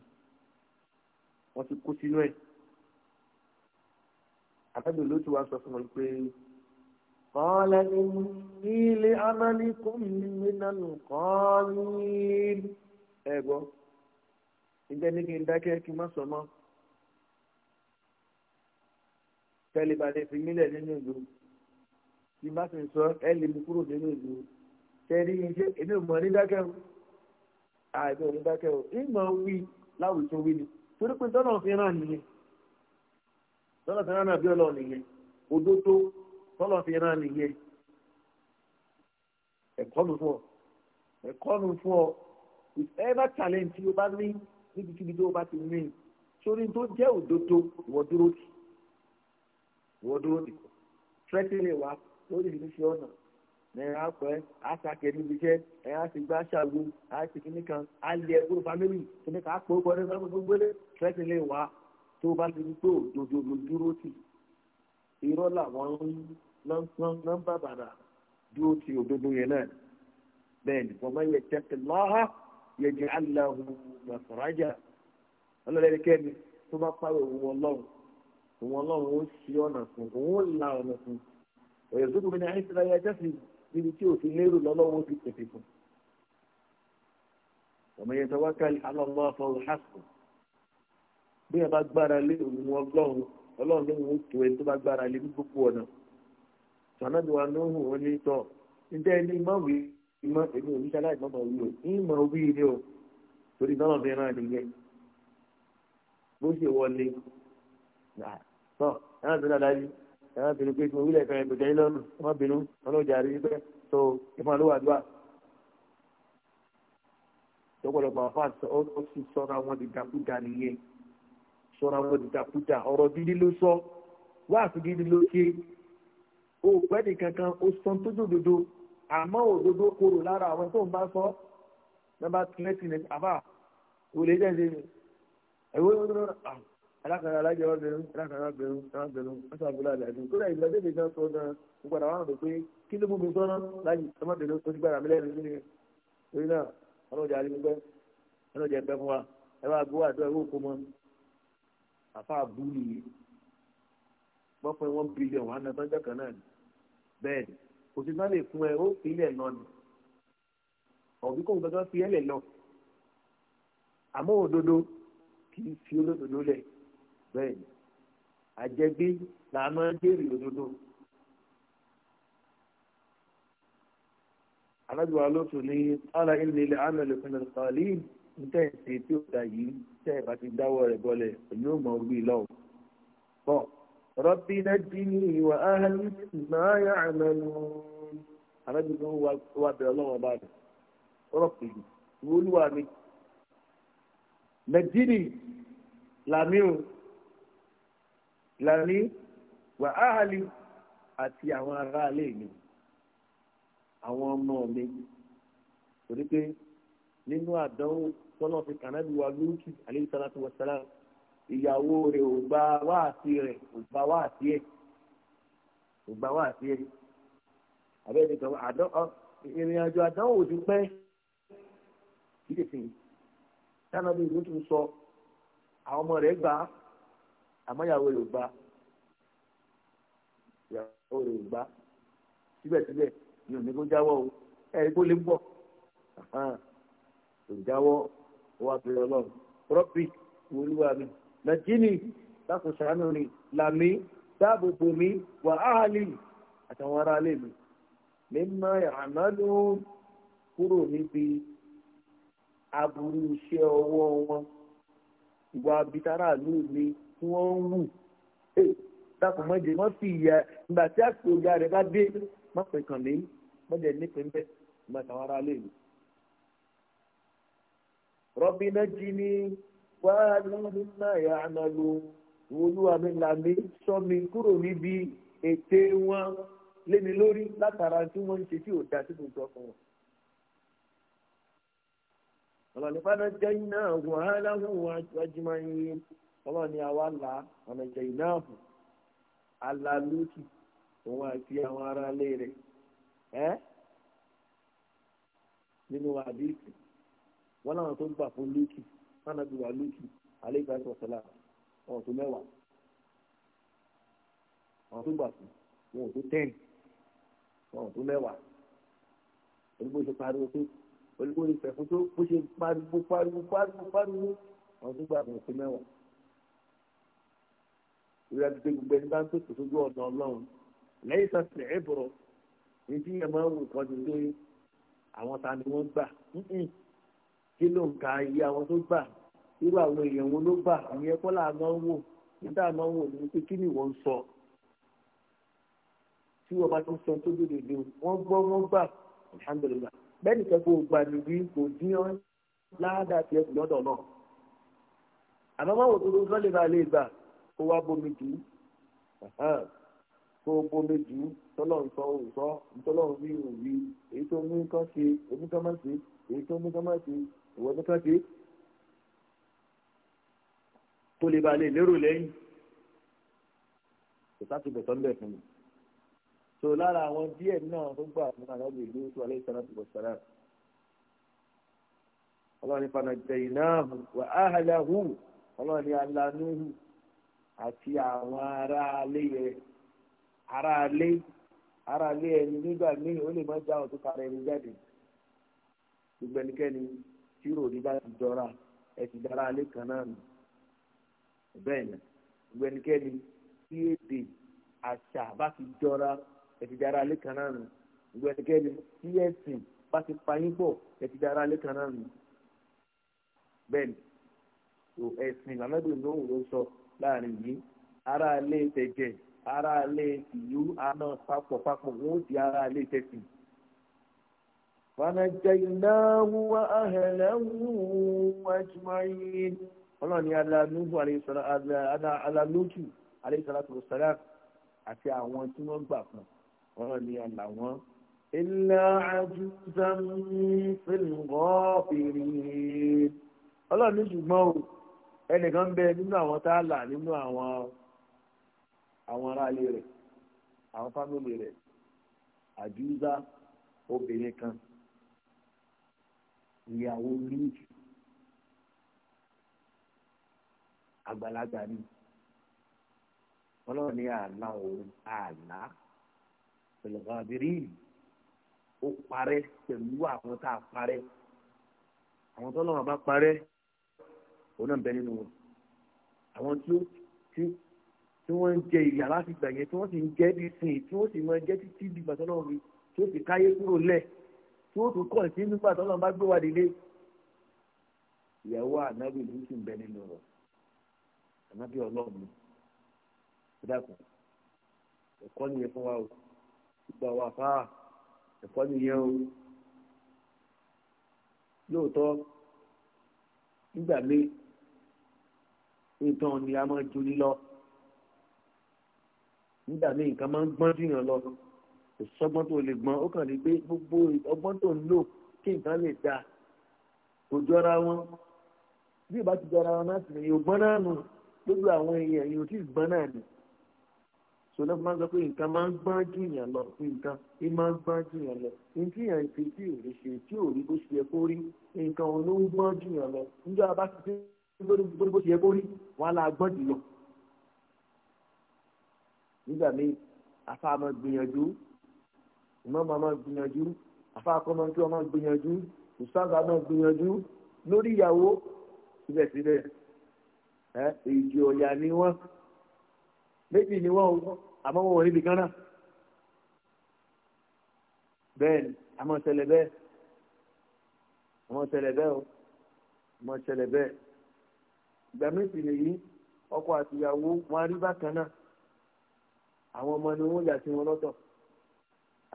wọ́n ti kó sínú ẹ̀. àtàbí ló ti wá sọ fún wọn pé kọ́lá ni ní ilé amálíkùn nínú kọ́ọ̀lù ẹ gbọ́ ìjẹ́ ní kí n dákẹ́ kí n má sọ mọ́ tẹ́lẹ̀ bá lè fi mílẹ̀ nínú ìlú tí má sì sọ ẹ lè mú kúrò nínú ìlú tẹ́lí iṣẹ́ èmi ò mọ̀ ní dákẹ́ o àìmọ̀ ní dákẹ́ ìmọ̀ wí láwùjọ wí ni torí pé tọ́nà fi ràn nìyẹn tọ́nà fi ràn náà bí ọlọ́ọ̀ nìyẹn òdodo tọ́nà fi ràn nìyẹn ẹ̀kọ́ nu fún ọ ẹ̀kọ́ nu fún ọ with ever talent tí o bá ní níbikíbi tó o bá ti ní sórí tó jẹ́ òdodo ìwọ dúró tì ìwọ dúró tì wá lóríṣiríṣi ọ̀nà ẹ̀rọ apẹ̀ àṣàkẹ́ níbi iṣẹ́ ẹ̀rọ àṣìgbà ṣàgbo àṣìkí nìkan alẹ́ ẹ̀kúrò fámílì kìnìkan àpò ọkọ̀ ní sábà gbogbo lé tẹ́sí lè wá tó bá ti tó òdodo ló dúró tì irọ́ làwọn nọ́mbà bàdà dúró ti òdodo yẹn náà bẹ́ẹ̀ ni wọ́n máa yẹ tẹ́tẹ́ lọ́hà yẹ jẹ́ aláwo gbàfọ́rájà ọlọ́lẹ́rìkẹ́ni tó bá pàrọ̀ òun ọlọ́run òun ọlọ́run ó ṣí ọ̀nà fún òun ó la ọ̀nà fún òyìnbó mi ní àìsàn ayé ajá sí níbi tí òfin lérò lọ́lọ́wọ́ ti pèsè fún. ọmọ yẹn tó wá kálí alọ́mọ afọwọ́ hàṣọ bí ẹ bá gbára lé òun ọlọ́run ọlọ́run ló ń wò tó ẹni tó bá gbára lé ní gbogbo ọ̀nà sọ̀nàbí wa ló ń hù wọn ní tọ́ níta ẹni má wí ìmọ̀ èmi ò ní sálá ìmọ̀ mọ̀ wí o ìmọ̀ wí ni o torí náà fi ràn nìyẹn bó ṣe wọlé tọ́ ẹ̀ náà tó dáadáa yìí ẹ̀rọ bínú pé mo wílẹ̀ kan ìgbèjà yín lọ́nu ọmọ bínú ọlọ́jà rí pé tó ìfọn ló wà dúà. lọ́pọ̀lọpọ̀ àwọn fáà ó sì sọ́ra wọn dìdàkúdà nìyẹn sọ́ra wọn dìdàkúdà ọ̀rọ̀ gidi ló sọ wá àfigidi ló ṣe o pẹ́ nìkan kan o sọ tójú òdodo àmọ́ òdodo korò lára àwọn tó ń bá sọ nọ́mbà twenty àbá olè jẹ́ ẹ̀wọ́n alákàrà alájọ ọbẹ̀rún alákàrà ọbẹ̀rún ọbẹ̀rún wọ́n sàgbọ́lá kó dà ìgbà débi kan sọ gan mo padà wà hàn pé kí ló mú mi sọ́nà láyé ọmọbìnrin tó ti gbára mi lẹ́nu nílé torí náà ọlọ́jà arígbẹ́ ọlọ́jà ẹgbẹ́ fún wa ẹ wá gbọ́ àdúrà owó kó mọ́ àfa àbúrò yìí wọ́n fún ẹ one billion wọn àná sọ́jọ́ kan náà bẹ́ẹ̀ ni kò sí náà fún ẹ ó fi ilẹ̀ lọ ni ọ̀bí kò gbọdọ̀ fi ẹlẹ̀ lọ àmọ́ òdodo kì í fi olódodo lẹ̀ bẹ́ẹ̀ ni àjẹgbé là máa ń jèrè òdodo. alájọ alóso ní ala ilé ilé amẹlẹ fúnlẹ kọlí níta ìṣe tí ó da yìí tẹ ẹ bá ti dáwọ́ rẹ̀ bọ́lẹ̀ èmi ò mọ orí lọ́wọ́. bọ rọbì náà ní ìwà áhàlì náà yà àmàlù. alájọ kan wà bẹ̀rẹ̀ ọlọ́wọ́n bá rẹ̀ rọ̀pì wọ́n lù wà mí. làmí o lani wà áhàlì àti àwọn aráalé mi àwọn ọmọ mi torí pé nínú àdánwò tọ́lọ́ fi kànáàbí wa lóòkì alayhi salatu wa salam ìyàwó rẹ̀ ò gba wáàsí rẹ̀ ò gba wáàsí ẹ̀ ò gba wáàsí ẹ̀ àbẹ́ẹ̀ni kan ìrìn àjò àdánwò ò ti pẹ́ kí lè fi yìí tánàbí ìlú tún sọ àwọn ọmọ rẹ̀ gbà á àmọ́ ìyàwó rẹ̀ ò gbà ìyàwó rẹ̀ ò gbà síbẹ̀síbẹ̀ ni ò ní kó jáwọ́ o ẹ̀rí kó lè ń bọ̀ kò jáwọ́ wà bẹ̀rẹ̀ ọlọ́run rọ́bì olúwa mi nàìjíríì lákòó sàánú ni làmí dáàbò bò mí wà áhàlì àtàwọn aráalé mi mímọ ìhànálò kúrò níbi aburú iṣẹ́ ọwọ́ wọn ìwà abitara ìlú mi tí wọ́n ń wù ẹ́ mọ́jẹ wọ́n fi ìyá ìgbà tí àpò ìyá rẹ̀ bá dé má pè kàn mí mọ́jẹ ala bẹ́ẹ̀ ìgbà táwọn ará lè lù. rọ́bìnà jí ni náà yà á nà lò olúwa mi sọ mi kúrò níbi ète wọn lórí látara tí da sí ọkàn wọn náà jẹ́ iná wàhálà wọn ọlọ́run ni àwa là ọ̀nà jẹ̀yìnáàbù alalókì òun àti àwọn ará ilé rẹ̀ ẹ́ nínú àdéhùn wọn làwọn tó gbà fún lókì sanabi wa lókì alẹ́gbà tó sọlá ọ̀hún tó mẹ́wàá ọ̀hún tó gbà fún wọn ò tó tẹ́ẹ̀n ọ̀hún tó mẹ́wàá olùkó ṣe pariwo tó olùkó ṣe fẹ̀fún tó bó ṣe pariwo pariwo pariwo pariwo ọ̀hún tó gbà fún wọn tó mẹ́wàá ìwé àdúgbò gbogbo ẹni bá ń pèsè sójú ọ̀nà ọlọ́run lẹ́yìn tó ti ẹ̀ bọ̀rọ̀ ní tí ẹ máa ń wò kọ́ ni pé àwọn ta ni wọ́n gbà kí ló ń ka iye àwọn tó gbà irú àwọn èèyàn wo ló gbà ìyẹn kọ́ là máa ń wò nígbà máa ń wò ní pé kí ni wọ́n ń sọ tí wọ́n bá ti sọ tó dòdòdò wọ́n gbọ́ wọ́n gbà alhamdulilah bẹ́ẹ̀ nìkan kò gbà níbí kò dín ọ́ ládàá tiẹ̀ lọ́dọ̀ náà àmọ́ tó ló bá lè gbà ó wá bomi jù tó bomi jù tọ́lọ̀ ń sọ òun sọ tọ́lọ̀ ń rí òun rí èyí tó ní kán ṣe oníkan má ṣe èyí tó ní kán má ṣe ìwọ ní kán ṣe tó lè ba lè lérò lẹ́yìn kò sá ti bẹ̀tọ́ ń bẹ̀ fún mi so lára àwọn díẹ̀ náà tó gbà fún aláàbò ìlú tó alẹ́ ìsàlá tó bọ̀ ọlọ́run ní fanajẹ́yìn náà wà áhàlẹ́ hù ọlọ́run ní alanú àti àwọn ará alé yẹ ará alé ará alé ẹni nígbà míì ó lè má já ọ̀tún kára ẹni jáde gbogbo ẹnikẹ́ni tí ròrí bá ti jọra ẹ ti dára alé kan náà nù bẹ́ẹ̀ ni gbogbo ẹnikẹ́ni tí èdè àṣà bá ti jọra ẹ ti dára alé kan náà nù gbogbo ẹnikẹ́ni tí ẹ̀sìn bá ti payín pọ̀ ẹ ti dára alé kan náà nù bẹ́ẹ̀ ni ẹ̀sìn lànà ìdùnnú òun sọ láàrin yìí ara ilé tẹ̀jẹ̀ ara ilé tìyú aná papọ̀ papọ̀ wọn ó di ara ilé tẹ̀sìn. فنجيناه وأهله أجمعين ọlọ́run ni alanúhù alanúhù aleyhisalatu wasalam àti àwọn tí wọ́n gbà fún ọlọ́run ni aláwọ̀n ilá àjùzàm fìlgọ́ọ̀bìnrin ọlọ́run ní ṣùgbọ́n o ẹnìkan ń bẹ nínú àwọn tá a là nínú àwọn àwọn aráalé rẹ̀ àwọn fámìlì rẹ̀ àdúrà obìnrin kan ìyàwó lúùjù àgbàlagbà ni ọlọ́run ní àlá òun àlá pẹ̀lúgbàbírí ó parẹ́ pẹ̀lú àwọn tá a parẹ́ àwọn tó lọ́wọ́ bá parẹ́ òun náà bẹ nínú wọn àwọn tí ó ti tí wọ́n ń jẹ ìyà láti gbà yẹn tí wọ́n sì ń jẹ́ bí sìn tí wọ́n sì máa jẹ́ títí di ìgbà tọ́lọ́ rí tí ó sì káyé kúrò lẹ̀ tí ó tún kọ̀ sí nígbà tọ́lọ́ bá gbé wa délé ìyàwó ànábì ló sì ń bẹ nínú wọn ànábì ọlọ́run ìdàkùn ẹ̀kọ́ nìyẹn fún wa o gbogbo àwọn àfáà ẹ̀kọ́ nìyẹn o lóòótọ́ nígbà míì nǹkan ò ní a máa joli lọ nígbà míì nǹkan máa ń gbọ́n jìyàn lọ ìsọgbọ́n tó lè gbọ́n ó kàn lè gbé gbogbo ọgbọ́n tó ń lò kí nǹkan lè da kò jọra wọn bí ìbá ti jọra wọn láti rìn yóò gbọ́n náà nù gbogbo àwọn èèyàn yóò tí gbọ́n náà nù sọlá fún máa ń sọ pé nǹkan máa ń gbọ́n jìyàn lọ nǹkan ń máa ń gbọ́n jìyàn lọ nǹkan yàn ṣe tí ò lè ṣe tí ò rí bó ṣe yẹ kó rí nǹkan òun ló ń gbọ́n jìyàn lọ níjọ́ abá ti dé nítorí bó ti yẹ kó rí wọn la gbọ́n jùlọ. nígbà míì afa máa gbìyànjú ìmọ̀ọ́mọ́ máa gbìyànjú afa akọ́mọ́ kí wọ́n máa gbìyànjú ìsáàgà máa gbìyànjú lórí ìyàwó síbẹ̀síbẹ̀ ẹ ìjì ọ̀yà ni wọ́n méjì ni wọ́n àmọ́ wọn ò níbi kan náà bẹ́ẹ̀ ni àmọ́ ṣẹlẹ̀ bẹ́ẹ̀ àmọ́ ṣẹlẹ̀ bẹ́ẹ̀ o àmọ́ ṣẹlẹ̀ bẹ́ẹ̀. ìgbà méjì nìyí ọkọ àtìyàwó wọn rí bákan náà àwọn ọmọ ni wọ́n yà sí wọn lọ́tọ̀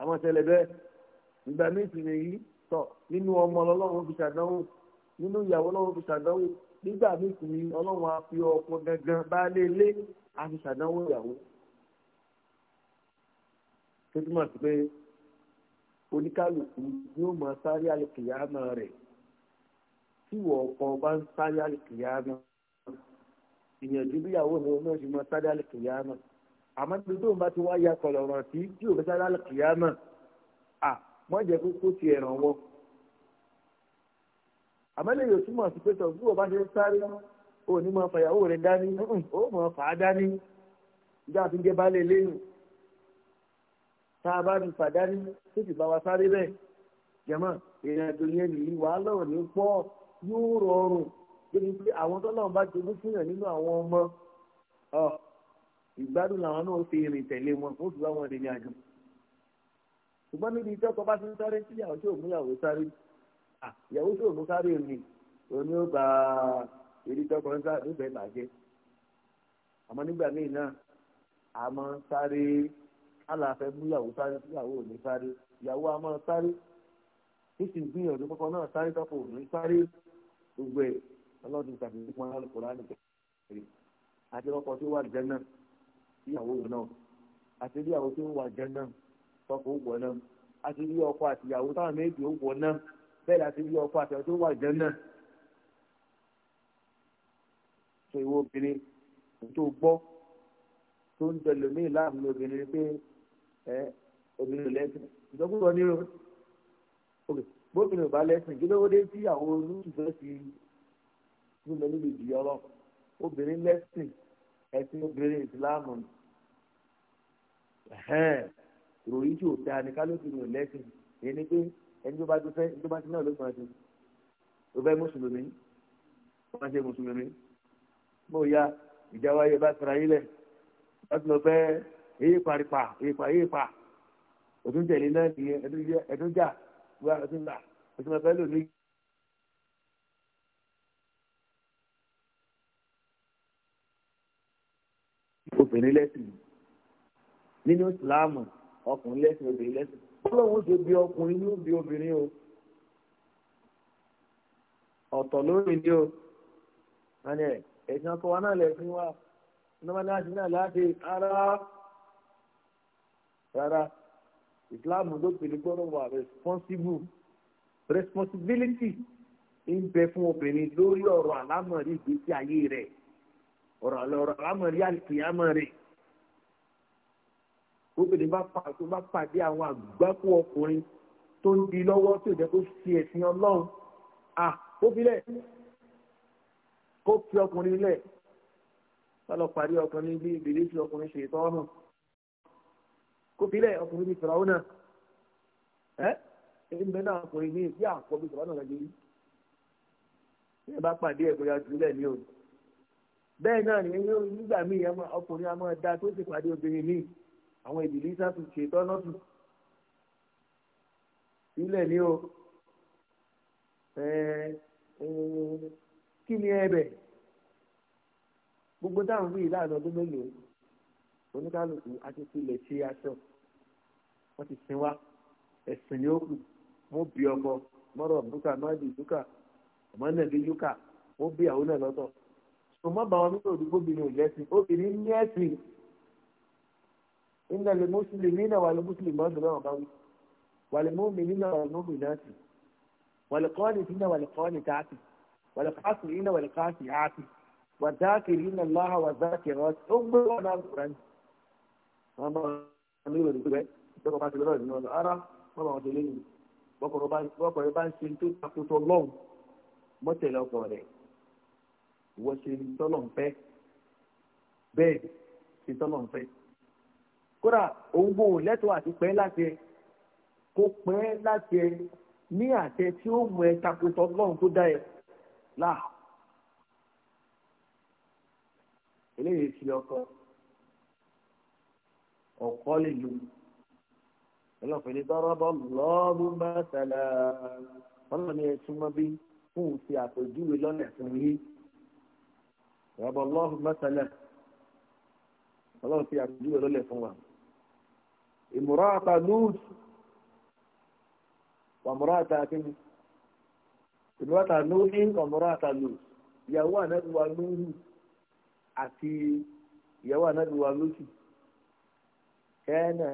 àwọn tẹ́lẹ̀ bẹ́ẹ̀ ìgbà méjì nìyí tọ nínú ọmọ ọlọ́run fi ṣàdánwò nínú ìyàwó lọ́wọ́ fi ṣàdánwò nígbà ọlọ́run á fi gangan bá lé lé á fi ṣàdánwò ìyàwó sí pé oníkálukú yóò sáré àlùkìyàmọ̀ ìyànjú bíyàwó mi náà ṣe mọ sádàlì kìyàmà àmọ́ níbi tó ń bá ti wá ya kọlọ̀rọ̀ tí tí ò fi sádàlì kìyàmà à wọ́n jẹ́ pé kó ti ẹ̀ràn wọn. àmọ́ lè yóò túmọ̀ sí pé tọ̀gbù ọba ṣe ń sáré ó ní mọ fàyàwó rẹ̀ dání ó mọ fà á dání ìjà àti jẹ́ bá lè léyìn tá a bá ní fàdání tó sì bá wa sáré bẹ́ẹ̀ jẹ́mọ̀ ìrìnàjò yẹn nìyí wàhálà ò ní pọ̀ yóò rọrùn débi pé àwọn tọ́lọ́run bá jogún fún yàn nínú àwọn ọmọ ìgbádùn làwọn náà fi rìn tẹ̀lé wọn ó fi wá wọn rìn àjò ṣùgbọ́n níbi tí ọkọ bá ti ń sáré sí ìyàwó tí òun yàwó sáré ìyàwó tí òun sáré ni òun yóò gba èdè tọkọ ń sáré ló bẹ́ẹ̀ bàjẹ́ àmọ́ nígbà míì náà a máa ń sáré aláfẹ́ mú ìyàwó sáré tí ìyàwó ò ní sáré ìyàwó a máa ń sáré nísìnyí gbìyànjú kọ́kọ́ náà sáré tọkọ ò ní sáré gbogbo ẹ̀ ọlọ́run ti tàbí fún wọn lálùkò láàrín kẹrì àti ọkọ tí ó wà jẹ náà sí ìyàwó wọn náà àti bí àwọn tí ó wà jẹ náà tọkọ ó wọ náà àti bí ọkọ àti ìyàwó táwọn méjì ó wọ náà bẹ́ẹ̀ láti bí ọkọ àti ọkọ tó wà jẹ náà. sọ ìwọ obìnrin tó gbọ́ tó ń jẹ lómi láàmú obìnrin pé obìnrin lẹ́sìn ìjọba ní o bóbìnrin ò bá lẹ́sìn kí lówó dé tí àwọn olùsùn fẹ́ fi ní mẹ́lí lè jìyà ọlọ́ obìnrin lẹ́sìn ẹ̀sìn obìnrin ìsìláàmù ròyìn tí ò tẹ àníkálókè ní ọ̀lẹ́sìn èyí ni pé ẹni tó bá ti fẹ́ ẹni tó bá ti náà ló máa ti ó fẹ́ mùsùlùmí ó máa ṣe mùsùlùmí mo ya ìjà wáyé bá tẹ̀ra yílẹ̀ bá ti lọ fẹ́ èyí paripa èyí pa èyí pa òtún tẹ̀lé náà nìyẹn ẹdún jà wíwá òtún gbà òtún ọ̀fẹ́ lò níyì. obìnrin lẹ́sìn nínú ìsìláàmù ọkùnrin lẹ́sìn obìnrin lẹ́sìn ọlọ́run ṣe bí ọkùnrin ní bí obìnrin o ọ̀tọ̀ lórí ni o ẹni ẹ̀sìn ọkọ wa náà lẹ́sìn wa ìnáwó láti náà láti ara rárá ìsìláàmù ló pè ní gbọ́dọ̀ wà responsible responsibility ń bẹ fún obìnrin lórí ọ̀rọ̀ àlámọ̀rí ìgbésí ayé rẹ̀ ọ̀rọ̀ àlọ́rọ̀ àmọ̀rí àlùkìyàmọ̀ rẹ̀ obìnrin bá pa tó bá pàdé àwọn àgbákò ọkùnrin tó ń di lọ́wọ́ tí ò jẹ́ kó ṣe ẹ̀sìn ọlọ́run à kó filẹ̀ kó fi ọkùnrin lẹ̀ sálọ parí ọkùnrin bí ìbílẹ̀ fi ọkùnrin ṣe ìtọ́ ọ̀nà kó filẹ̀ ọkùnrin bí fìràwọ́ náà ẹ́ èyí bẹ́ẹ̀ náà ọkùnrin bí ìbí àkọ́bí fìràwọ́ náà lọ́jọ́ yìí bí ẹ bá pàdé ẹ̀kọ́ ya jùlẹ̀ ní òní. bẹ́ẹ̀ náà ni nígbà míì ọkùnrin a máa da tó sì pàdé obìnrin míì àwọn ìdílé sáfù ṣètọ́ lọ́tù sílẹ̀ ní o kí ni ẹbẹ̀ gbogbo táwọn wí láàrin ọdún mélòó oníkálukú akíkílẹ̀ ṣe aṣọ wọ́n ti sin wá ẹ̀sìn ni ó kù mo bí ọmọ mọ́rọ̀ búkà mọ́rọ̀ búkà ọmọ náà bí yúkà mo bí àwọn náà lọ́tọ̀. kò má bàa wọn nínú òdìgbò obìnrin ò lẹ́sìn obìnrin ní ẹ̀sìn nínú ẹ̀lẹ́ mùsùlùmí náà wà lẹ́ mùsùlùmí ọ̀dọ̀ náà bá wí wà lẹ́ mọ́mí nínú àwọn mọ́mí náà sì wà lẹ́ kọ́ọ̀lì nínú wà lẹ́ kọ́ọ̀lì káàkì wà lẹ́ káàkì nínú wà lẹ́ káàkì áàkì wà dáàkì nínú láhà wà dáàkì rọ́ọ̀tì ó gbé wọn náà kúrẹ́ ní. wọn bá wọn ní òdìgbò rẹ ìwọ ṣe tọ́lọ̀ ń fẹ́ bẹ́ẹ̀ ṣe tọ́lọ̀ ń fẹ́ kódà òun gbò lẹ́tọ̀ọ́ àti pẹ́ láti ẹ kó pẹ́ láti ẹ ní àtẹ tí ó mú ẹ takotọ lọ́run tó dá ẹ láà eléyìí fi ọkọ ọkọ lè lu ẹlọ́fẹ̀ẹ́ ní dọ́rọ́bọ́ lọ́ọ́rù mọ́tàlá ọlọ́run ẹ súnmọ́ bí fún òun fi àpèjúwe lọ́nà fún yín rọ̀bọ̀ lọ́hùn mẹ́sàlẹ̀ ọlọ́run fi àpèjúwe lọ́lẹ̀ fún wa ìmúra ata lóòtù wàmúra ata akéwì ìmúra ata lóòtù wàmúra ata lóòtù ìyàwó ànágbèwà lóòtù àti ìyàwó ànágbèwà lóòtù kẹ́ẹ̀nà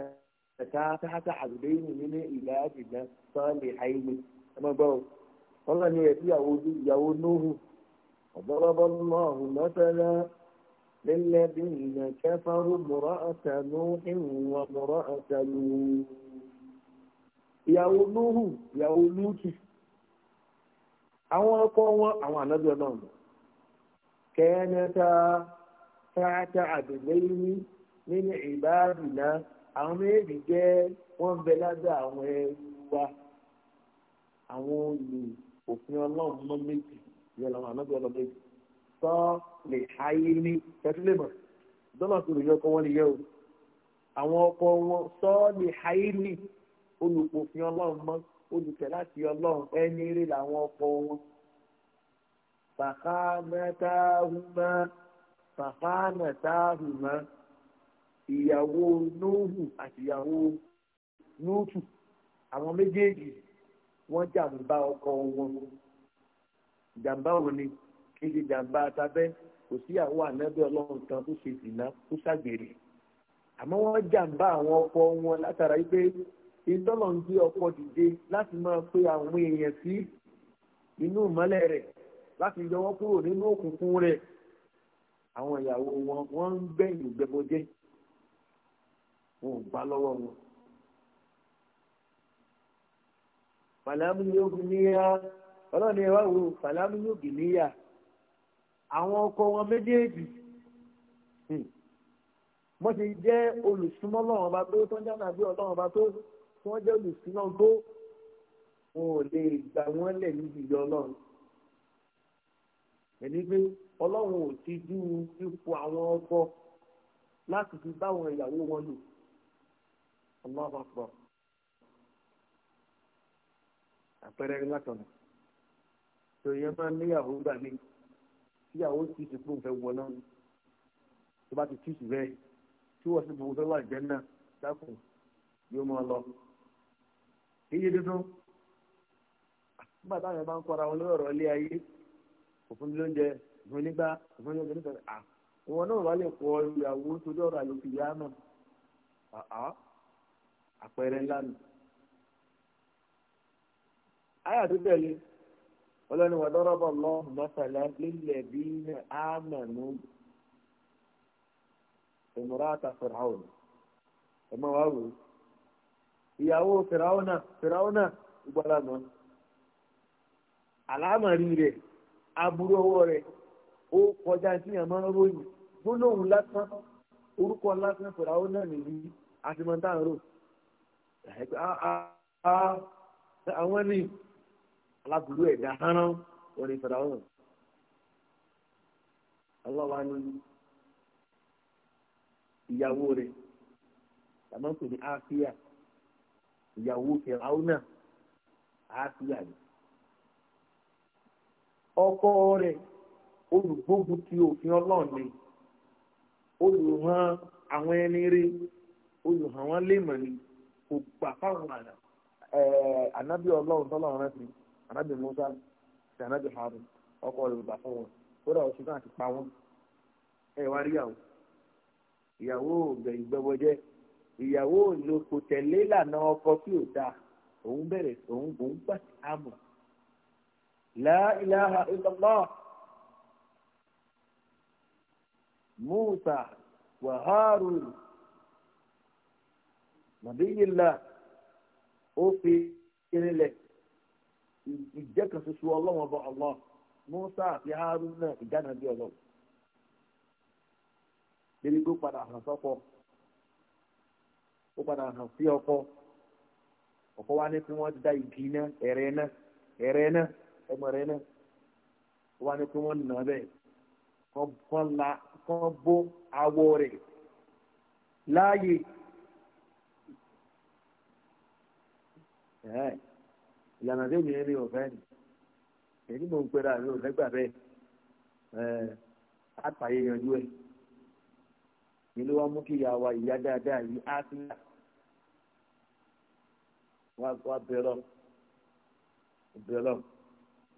ẹ̀ka tààtà àgbẹ̀yìn nínú ìlà àjìnà sọ́ọ̀lì àìní ẹ̀mọ́gbọ́n ọlọ́run ni ẹ̀ وضرب الله مثلا للذين كفروا امرأة نوح وامرأة لوط ìyàwó lóhù ìyàwó lútù àwọn ọkọ wọn àwọn ànábì ta kẹẹnẹta tààtà àbẹlẹyìn nínú ìbáàdìlá àwọn méjì jẹ wọn ìyẹn làwọn ànágbé ọlọ́mọ èjì sọ lè háyé ní tẹ́tílẹ̀ mọ̀ dọ́là tó lè yọ ọkọ wọn lè yẹ o àwọn ọkọ wọn sọ lè háyé ní olùpòfin ọlọ́run mọ́ olùtẹ̀ láti ọlọ́run ẹni rí làwọn ọkọ wọn fàkánátàhùmá fàkánátàhùmá ìyàwó nóòhù àti ìyàwó nóòtù àwọn méjèèjì wọ́n jàǹbá ọkọ wọn. jàmbá wo ni kí n ṣe jàǹbá kò sí àwọn ànábẹ́ ọlọ́run kan tó ṣe sìnà tó ṣàgbèrè àmọ́ wọn jàmbá àwọn ọkọ wọn látara wípé ìtọ́lọ̀ ń gbé ọkọ dìde láti máa pe àwọn èèyàn sí inú ìmọ́lẹ̀ rẹ̀ láti yọ kúrò nínú òkùnkùn rẹ̀ àwọn ìyàwó wọn wọ́n ń gbẹ̀yìn gbẹbọjẹ́ wọn ò gbá lọ́wọ́ wọn. pàlámù yóò ní á ọlọ́run ni ẹwà wo fàlámúyò gìníyà àwọn ọkọ wọn méjèèjì hmm. wọ́n ti jẹ́ olùsúnmọ́ lọ́wọ́n ọba tó tó ń jáde àbí ọlọ́wọ́n ọba tó tí wọ́n jẹ́ olùsúnmọ́ tó wọn ò lè gbà wọ́n lẹ̀ níbi ìyọ ọlọ́run ẹni pé ọlọ́run ò ti dú ipò àwọn ọkọ láti fi báwọn ìyàwó wọn lò ọlọ́run àpọ̀ àpẹẹrẹ látọ̀nà. tòun yẹn máa ń níyàwó gbà mí tíyàwó tí ìsìn fún òfẹ́ wọ náà tó bá ti tí ìsìn rẹ tí wọ́n sì fún òfẹ́ wà jẹ́ náà dákùn yóò máa lọ. iye tuntun nígbà táwọn bá ń kọ́ra wọn lórí ọ̀rọ̀ ilé ayé òfin lóúnjẹ òfin nígbà òfin lóúnjẹ nítorí à ìwọ náà wà lè kọ ìyàwó torí ọ̀rọ̀ àlòkù ìyá náà àpẹẹrẹ ńlá nù. ọlọ́ni wà dọ́rọ́bọ̀ lọ́hùn mọ́sálá lílẹ̀ bí ní àmàlú ìmúratà fìràwùn ẹ̀mọ wa wò ìyàwó fìràwùnà fìràwùnà ìgbàlànà àlámàrí rẹ̀ aburú ọwọ́ rẹ̀ ó kọjá sí àmọ́ ròyìn gbólóhùn lásán orúkọ lásán fìràwùnà nìyí àti mọ̀ntàn rò àwọn ni. alágùlú ẹ̀dá hánán wọn ni fìràwọn ọlọ́wà ní ìyàwó rẹ̀ tàbí pè ní ìyàwó fìràwọn náà áfíà ọkọ rẹ̀ olùgbógun ti òfin ọlọ́run ni olùhàn àwọn ẹni rí olùhàn wọn léèmọ̀ ni kò gbà fáwọn anábì musa àti anábì harun ọkọ rẹ̀ bàbá fún wọn kódà oṣù náà ti pa wọn ẹ wá rí àwọn ìyàwó gbẹ̀yìn gbẹ́wọ́jẹ́ ìyàwó ló kò tẹ̀lé ìlànà ọkọ tí ò dáa òun bẹ̀rẹ̀ òun òun gbà sí àmọ̀ la ilaha musa wa harun nàbíyìlá ó fi irinlẹ̀. ìjẹ́ kan ṣoṣo ọlọ́wọ́n bá Musa àti Haruna ìjánu bí ọlọ́wọ́ débi tó padà hàn sọ́kọ ó padà hàn sí ọkọ ọkọ wa ní kí wọ́n da igi náà ẹ̀rẹ́ náà ẹ̀rẹ́ náà ẹ̀mọ rẹ̀ náà ó wá ní kí wọ́n nà bẹ́ẹ̀ kọ́ bó ìlànà tí obìnrin ní ọ̀fẹ́ ni èyí mò ń pera mi ò lẹ́gbà bẹ́ẹ̀ àtàyè yanjú ẹ̀ ni ló wá mú kí ìyá wa ìyá dáadáa yìí á sí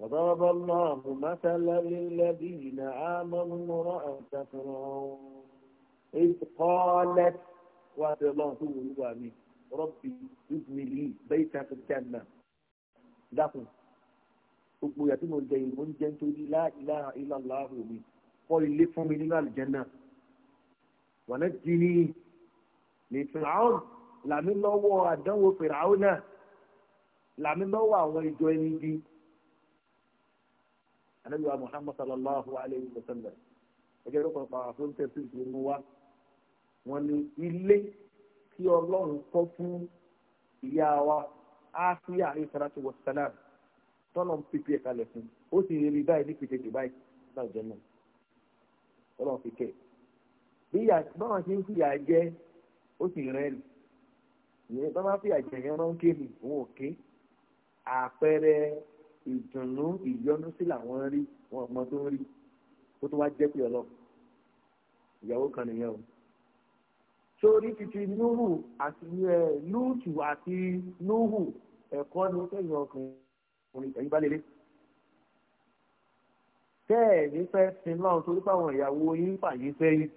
وضرب الله مثلا للذين آمنوا امرأة فرعون إذ قالت dákun gbogbo ìyà tí mo jẹ yìí mo ń jẹ nítorí la ilaha illallah mi kọ́ ilé fún mi nínú àlùjànnà wa najjini ní fìràwọ́n làmí lọ́wọ́ àdánwò fìràwọ́n náà làmí lọ́wọ́ àwọn ìjọ ẹni bí anabi wa muhammad sallallahu alayhi wa sallam ẹgbẹ́ ìrọ́pọ̀ pàrọ̀ fún tẹ̀sí ìṣòro wa wọ́n ní ilé tí ọlọ́run kọ́ fún ìyá wa áfíà àríṣàlátì wọ̀sálà tọ́nà ń pèpè ẹ̀ka lẹ̀ fún ó sì rí báyìí ní pèpè dubai náà jẹ́ náà tọ́nà fi kẹ́ bí báwọn ṣe ń fìyà jẹ́ ó sì rẹ́ẹ̀lì ìyẹn bá bá fìyà jẹ́ yẹn rán kéèmì òun ò ké àpẹẹrẹ ìdùnnú ìyọnu sí làwọn rí wọn ọmọ tó ń rí ó tó wá jẹ́ pé ọlọ́ ìyàwó kan nìyẹn o torí títí núhù àti lúùtù àti núhù ẹ̀kọ́ ni kẹ́yìn ọkùnrin ẹ̀yìn bá lélẹ̀ tẹ́ ẹ̀ ní fẹ́ sin náà torí pé àwọn ìyàwó yín fàyè sẹ́yìn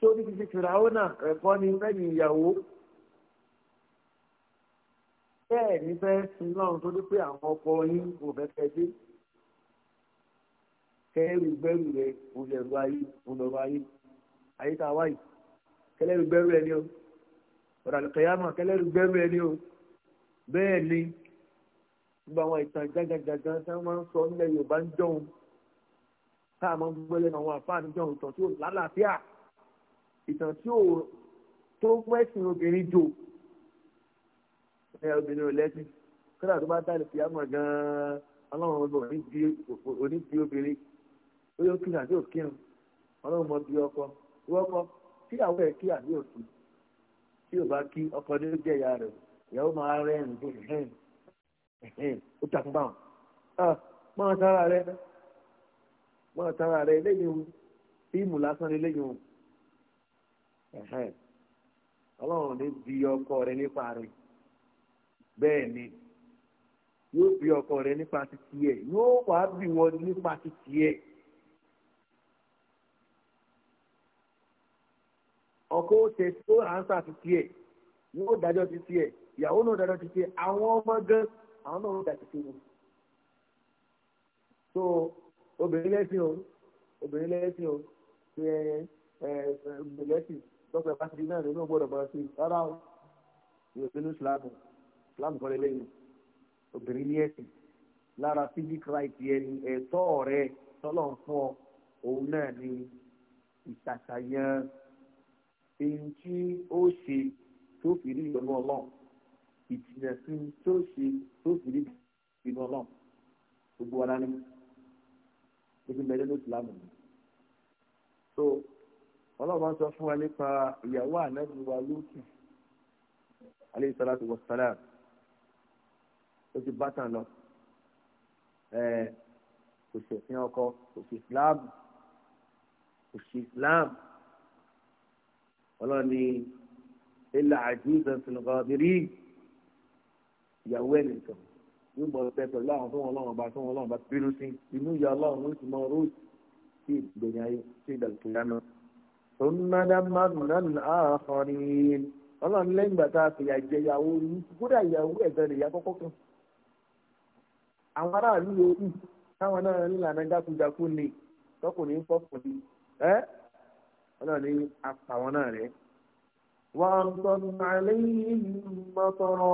torí títí fìràwọ́nà ẹ̀kọ́ ni kẹ́yìn ìyàwó tẹ́ ẹ̀ ní fẹ́ sin náà torí pé àwọn ọkọ yín kò fẹ́ fẹ́ dé kẹ́rù gbẹ́rù rẹ̀ òun lẹ̀rù ayé òun lọ́rọ̀ ayé. àyíká wáyì kẹlẹ́rù gbẹ́rù ẹni o ọ̀rọ̀ àlùkẹ́yàmọ̀ kẹlẹ́rù gbẹ́rù ẹni o bẹ́ẹ̀ ni gbogbo àwọn ìtàn jágajàga tí wọ́n máa ń sọ nílẹ̀ yorùbá ń jọun tá a máa ń gbọ́ àwọn àfáà ní jọun ìtàn tí ò lálàáfíà ìtàn tí ò tó mẹ́sìn obìnrin jò ẹ obìnrin ò lẹ́sìn tó bá gan-an ọlọ́run ọmọ obìnrin ó yọ ọlọ́run mọ ọkọ wọ́kọ́ tí àwọn ẹ̀ kí àbí òkú tí ò bá kí ọkọ ní ó jẹ́ ìyá rẹ̀ ìyàwó máa rẹ̀ ń ẹ̀hìn ẹ̀hìn ó takùn báwọn. máa tara rẹ máa tara rẹ lẹ́yìn o fíìmù lásán ni lẹ́yìn ọlọ́run ní bí ọkọ rẹ nípa rẹ bẹ́ẹ̀ ni yóò bí ọkọ rẹ nípa títí ẹ̀ yóò wá bí wọn nípa ẹ̀. ọkọ tẹ tó ansa ti tiẹ̀ yóò dájọ́ ti tiẹ̀ ìyàwó náà dájọ́ ti tiẹ̀ àwọn ọmọ gan àwọn náà ń dà ti tiẹ̀ so obìnrin lẹ́sìn o obìnrin lẹ́sìn o ṣe ẹ ẹ lẹ́sìn lọ́pọ̀ ẹ̀fà ti di náà nínú gbọ́dọ̀ bọ̀ sí rárá o yóò sínú ìsìlámù ìsìlámù kọ́lé lẹ́yìn obìnrin ní ẹ̀sìn lára civic right ẹni ẹ̀tọ́ rẹ tọ́lọ̀ ń fún ọ òun náà ni ìṣàṣàyàn èyí tí ó ṣe tó fi rí ìyọnu ọlọ́run ìtìlẹ̀ sí tó ṣe tó fi rí ìyọnu ọlọ́run gbogbo ara ní ibi mẹ́rin ló ti lámù ní. so ọlọ́run sọ fún wa nípa ìyàwó ànábi wa lókè alẹ́ ìsọlá ti wọ sálà ó ti bá tàn lọ kò ṣèfin ọkọ kò ṣe islam kò ṣe islam ọlọ́ni ilà àjùzọ fìlọ́gọ́bìrì ìyàwó ẹ̀ nìkan yóò mọ̀ ọ́pẹ́ pẹ̀lú àwọn tó wọn lọ́wọ́ bá tó wọn lọ́wọ́ bá bínú sí inú ìyá ọlọ́run ló ti mọ rúùt sí ìgbẹ̀yìn ayé sí ìdàlùkù yánà. tó ń nádá márùn-ún ààkọrin ọlọ́run lẹ́yìn ìgbà tá a fìyà jẹ ìyàwó ní kódà ìyàwó ẹ̀gbẹ́ rẹ̀ ìyá kọ́kọ́ kan. àwọn aráàlú yòókù táwọn náà nílànà jákujáku ni tọkùnrin fọkùnrin ẹ́ ọlọ́run ní apá wọn náà rẹ̀ wọ́n tọ́ nàlẹ́ yìí mọ́tọ́rọ́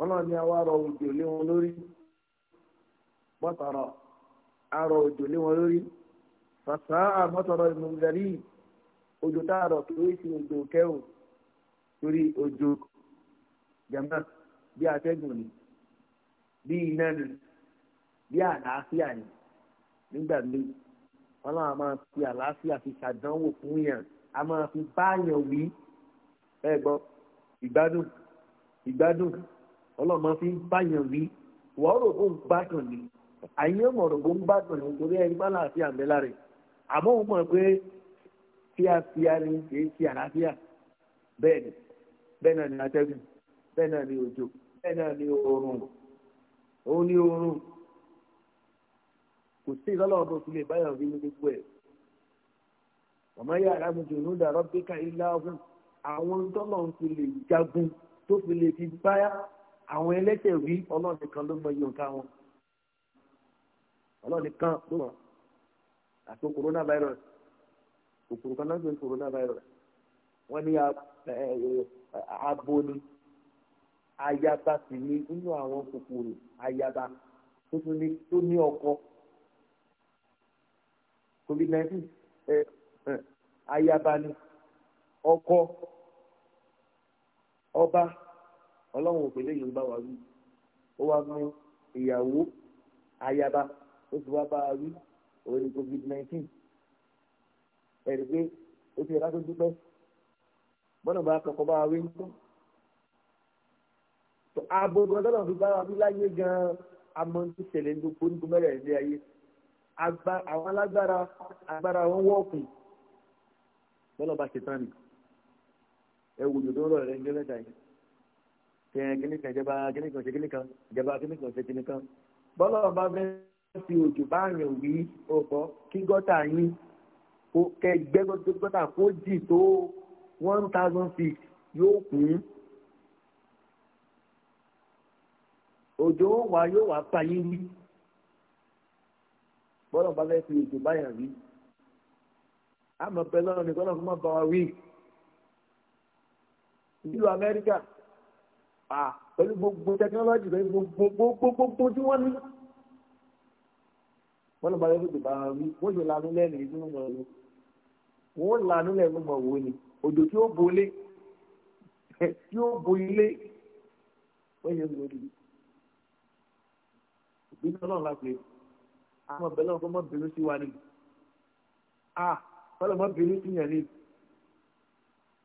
ọlọ́run ní àwa rọ òjò lé wọn lórí mọ́tọ́rọ́ àrọ òjò lé wọn lórí fàṣà àmọ́tọ́rọ́ ìmùlẹ̀rí òjò tá a rọ̀ kí òjò kẹ́wò torí òjò jẹ̀mọ́ bí atẹ́gùn ni bí iná ni bí àlàáfíà ni nígbà míì wọn náà máa fi àlàáfíà fi ṣàdánwò fún yàn a máa fi báyàn wí ẹ gbọ́ ìgbádùn ìgbádùn ọlọ́mọ fi ń báyàn wí wọ́n rò bó ń gbádùn ni àyè mọ̀ rò bó ń gbádùn ni torí ẹni bá láàfin àmẹ́lá rẹ̀ àmọ́ òun mọ̀ pé fíafíà ni kì í ṣe àlàáfíà bẹ́ẹ̀ ni bẹ́ẹ̀ náà ni atẹ́gùn bẹ́ẹ̀ náà ni òjò bẹ́ẹ̀ náà ni oòrùn òun ni oòrùn kò sí ìlọ́lọ́wọ́ bó tilẹ̀ báyọ̀ rí ní gbogbo ẹ̀ ọmọ yà rà mí dùnú dàrọ́ pé ká ilá ọ̀hún àwọn tọ́lọ̀ ń fi lè jagun tó fi lè fi bá àwọn ẹlẹ́tẹ̀ rí ọlọ́ọ̀nì kan ló mọ iye òǹkà wọn ọlọ́ọ̀nì kan ló mọ̀ àti corona virus kòkòrò kan náà ń pè corona virus wọ́n ní abo ni ayaba sì ni nínú àwọn kòkòrò ayaba tó ní ọkọ covid nineteen ẹ ẹ ayaba ni ọkọ ọba ọlọ́run òpèlè yìí ń bá wa wí ó wá mú ìyàwó ayaba ó ti wá bá a wí òun covid nineteen ẹ̀rí pé ó ti yẹ ká tó dúpẹ́ bọ́nà bá kọ́kọ́ bá a wí ń tán ààbò gbọ́dọ̀ náà fi bá wa wí láyé gan-an amọ̀ ń tún tẹ̀lé nígbà mẹ́rẹ̀ẹ́rin ayé àwọn alágbára agbára wọn wọ́ọ̀kù bọ́lá bá ṣe tán ni ẹ wò lòdó ọ̀rọ̀ rẹ̀ ń jẹ́ mẹ́ta yìí tẹ̀yìn kíní kan ìjọba kíní kan ṣe kíní kan ìjọba kíní kan ṣe kíní kan bọ́lá bá fẹ́ fi òjò bá rìn wí ọ̀pọ̀ kí gọ́tà yín kẹ́ gbẹ́ gọ́tà kó jì tó one thousand feet yóò kún. òjò wà yóò wà pa yín wí bọ́lọ̀ bá fẹ́ fi ètò báyàn rí àmọ́ pẹ̀lú ọ̀rọ̀ nìkan náà fún mọ́ bá wa wí. ìlú amẹ́ríkà pẹ̀lú gbogbo tẹkinọ́lọ́jì pẹ̀lú gbogbo gbogbo tí wọ́n ní. bọ́lọ̀ bá fẹ́ fi ètò báyàn rí wọ́n yóò lanú lẹ́nu ìlú mọ̀ ọ́ wọ́n lanú lẹ́nu mọ̀ wò ni òjò tí ó bolé *laughs* tí ó bo ilé wọ́n yẹ lórí ìbínú ọlọ́run láti lè àwọn ọ̀bẹ lọ́wọ́ mọ́ bínú sí wa ni à fọlọ́ mọ́ bínú sí yẹn ni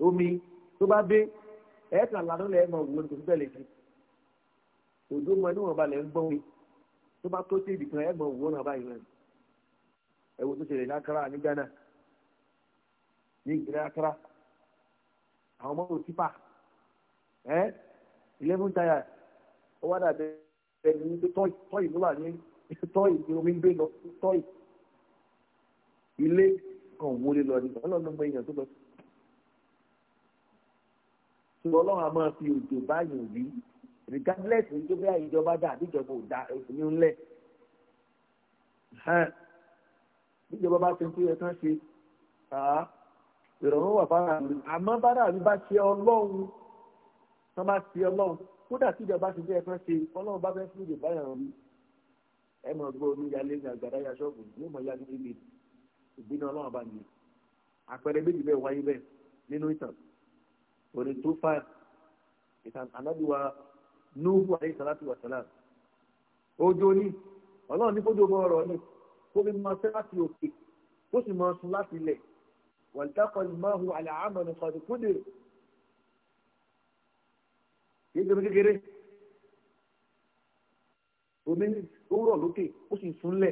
omi tó bá dé ẹ̀ẹ́kan lànà lẹ́ẹ̀ mọ̀ wò ní kò sí bẹ́ẹ̀ lè fi òdó mọ níwọ̀n balẹ̀ ń gbọ́n mi tó bá tó sí ibìkan ẹ̀ mọ̀ wò náà báyìí rẹ̀ ẹ̀wò tó ṣẹlẹ̀ lákàrà ní Ghana ní ìgbéra lákàrà àwọn ọmọ rò tipa ẹ̀ eleven tire ó wá dàbẹ̀ ẹni tó tọ́yì ló wà tọ́yì ni omi ń gbé lọ tọ́yì ilé kan wo lè lọ ní ọlọ́run mọ èèyàn tó lọ sí. ṣùgbọ́n ọlọ́run a máa fi òjò báyìí rí regardless ní tó bẹ́ẹ̀ ìjọba dà àbíjọba ò dá ní ńlẹ̀ níjọba bá ti ń pín ẹ̀kan ṣe ìrọ̀rùn wà fara mi àmọ́ bára mi bá ṣe ọlọ́run tán bá ṣe ọlọ́run kódà tíjọba ti ń pín ẹ̀kan ṣe ọlọ́run bá fẹ́ fún ìjọba yàrá mi ẹ mọ̀ gbọ́ omi yalé ní àgbàdo ya ṣọ́ọ̀bù ní mọ̀ yá níbi ibi ìbínú ọlọ́run bá nìyẹn àpẹẹrẹ méjì bẹ́ẹ̀ wáyé bẹ́ẹ̀ nínú ìtàn òní tó fà ìtàn anábìwá núhù àyè sàlátì wà sàlám ojo ní kójú ọmọ ọ̀rọ̀ ní kó fi máa fẹ́ láti òkè kó sì máa sun láti ilẹ̀ wàlítàkọ̀ ìmáhu àlàámọ̀ nìkan kúndé kí é gbẹmí kékeré omeni ụrọ lụke kwụsị nsu nle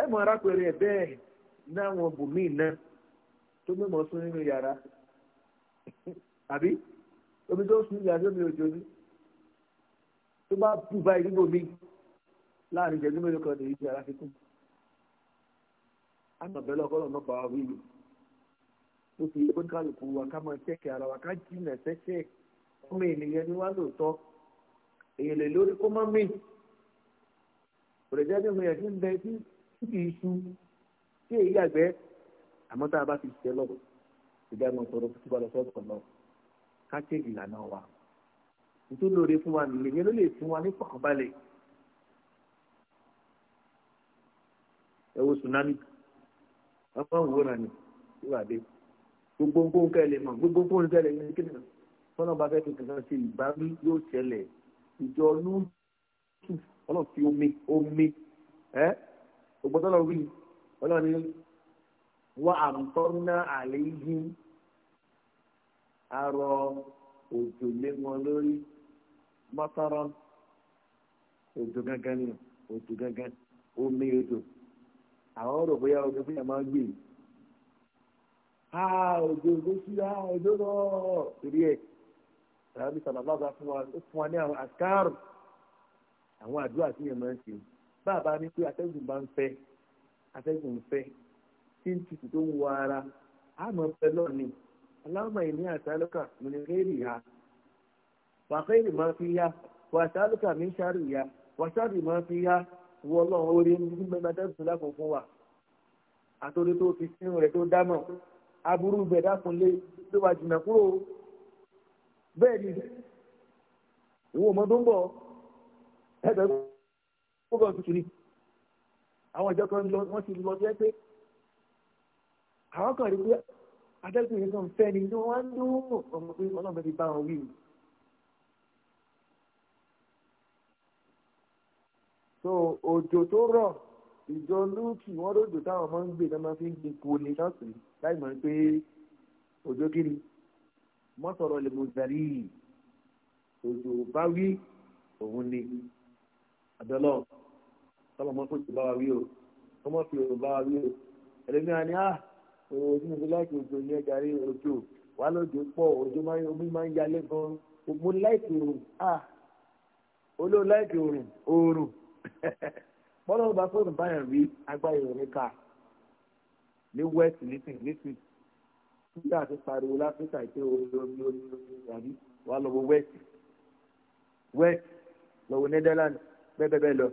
emara kwere ebe na-anwụ bụ mina tome ma ọsụ n'ime yara abi omezi osu nile azị omere ojozi ma buba iri bụ mi laarị jezi mere ka ọ dị iji ara fịkwụ anọ bele ọkọlọ nọba ọrụ ilu otu ikwe nkalụkwu wa kama cheki ara waka ji na-ese chek ọma enyeghị nwa èyàn lè lórí kó má mí kò lè jẹ́ bí mo yẹ kí n bẹ tí kì í su tí èyí àgbẹ̀ àmọ́ tá a bá fi ṣe lọ́wọ́ ìdá ìmọ̀ tọrọ tí wọ́n lọ sọ́tọ̀ lọ ká tẹ̀lé ìlànà wa nítorí lóore fún wa nìyẹn yẹn ló lè fún wa ní pàkànbalẹ̀ ẹ wo tsunami wọ́n máa ń wò ràn ní ìwà dé gbogbo nǹkan kẹlẹ̀ mọ̀ gbogbo nǹkan kẹlẹ̀ ní kíni fọ́nà bá fẹ́ tuntun kan sí ìbámu yóò ṣẹlẹ̀ ìjọ núùtù ọlọ́run fi omi omi ẹ́ ògbọ́dọ́ rí ọlọ́run ní wọ́n àmútọ́ná àléyìn arọ òjò lé wọn lórí mọ́tọ́rọ́ òjò gángan ni òjò gángan omi odò àwọn ọ̀rọ̀ bóyá omi fún máa ń gbé yìí. a òjò sí a òjò lọ rí ẹ̀ sàbí sàlàbàbà fún wa ó fún wa ní àwọn àkàrò àwọn àdúrà tí yẹn máa ń ṣe bàbá ní pé atẹ́gùn bá ń fẹ́ atẹ́gùn ń fẹ́ tí ń tutù tó ń wọ ara àmọ́ fẹ́ lọ́ọ̀ni aláwọ̀ ìní àtàlùkà mìnìkẹ́rì ha wàkẹ́rì máa fi ya wàtàlùkà mi ṣáàrì ya wàṣáàrì máa fi ya wọ ọlọ́run orí ní mẹ́ta atẹ́gùn lápò fún wa àtòrí tó fi sínú rẹ̀ tó dámọ̀ aburú bẹ̀ dákunlé ló wà jìnnà kúrò bẹ́ẹ̀ ni ìwọ ọmọ tó ń bọ̀ ẹ̀ẹ́dẹ̀ kó bọ̀ tuntun ni àwọn ìjọ kan lọ wọ́n ti lọ sí ẹ pé àwọn kan rí pé adẹ́kùn yìí kan fẹ́ ni ní wọ́n ń dún ọmọ pé ọlọ́mọ ti bá wọn wí o. so òjò tó rọ̀ ìjọ lúùkì wọ́n ròjò táwọn ọmọ ń gbé náà máa fi ń gbé kó lè náà pè láì mọ̀ pé òjò kí ni mọ́sọ̀rọ̀ lè mú zari òjò bá wí òun ni àdọ́lọ́ sọ́lọ́ mọ́ kó ti bá wa wí o kó mọ́ fi òun bá wa wí o ẹlẹ́mìíràn ni ah òjò mi fi láìpẹ́ òjò ní ẹja rí òjò wà lójó pọ̀ òjò omi máa ń yalé gan mo láìpẹ́ òrùn ah olóò láìpẹ́ òrùn òrùn *laughs* bọ́lá ọba fóònù báyọ̀ rí agbáyọ̀ rẹ̀ ká ní west nísìn nísìn nígbà tí pariwo láfíríkà ìpè omi omi omi omi àbí wà lọ́wọ́ west west lọ́wọ́ netherlands bẹ́ẹ̀ bẹ́ẹ̀ lọ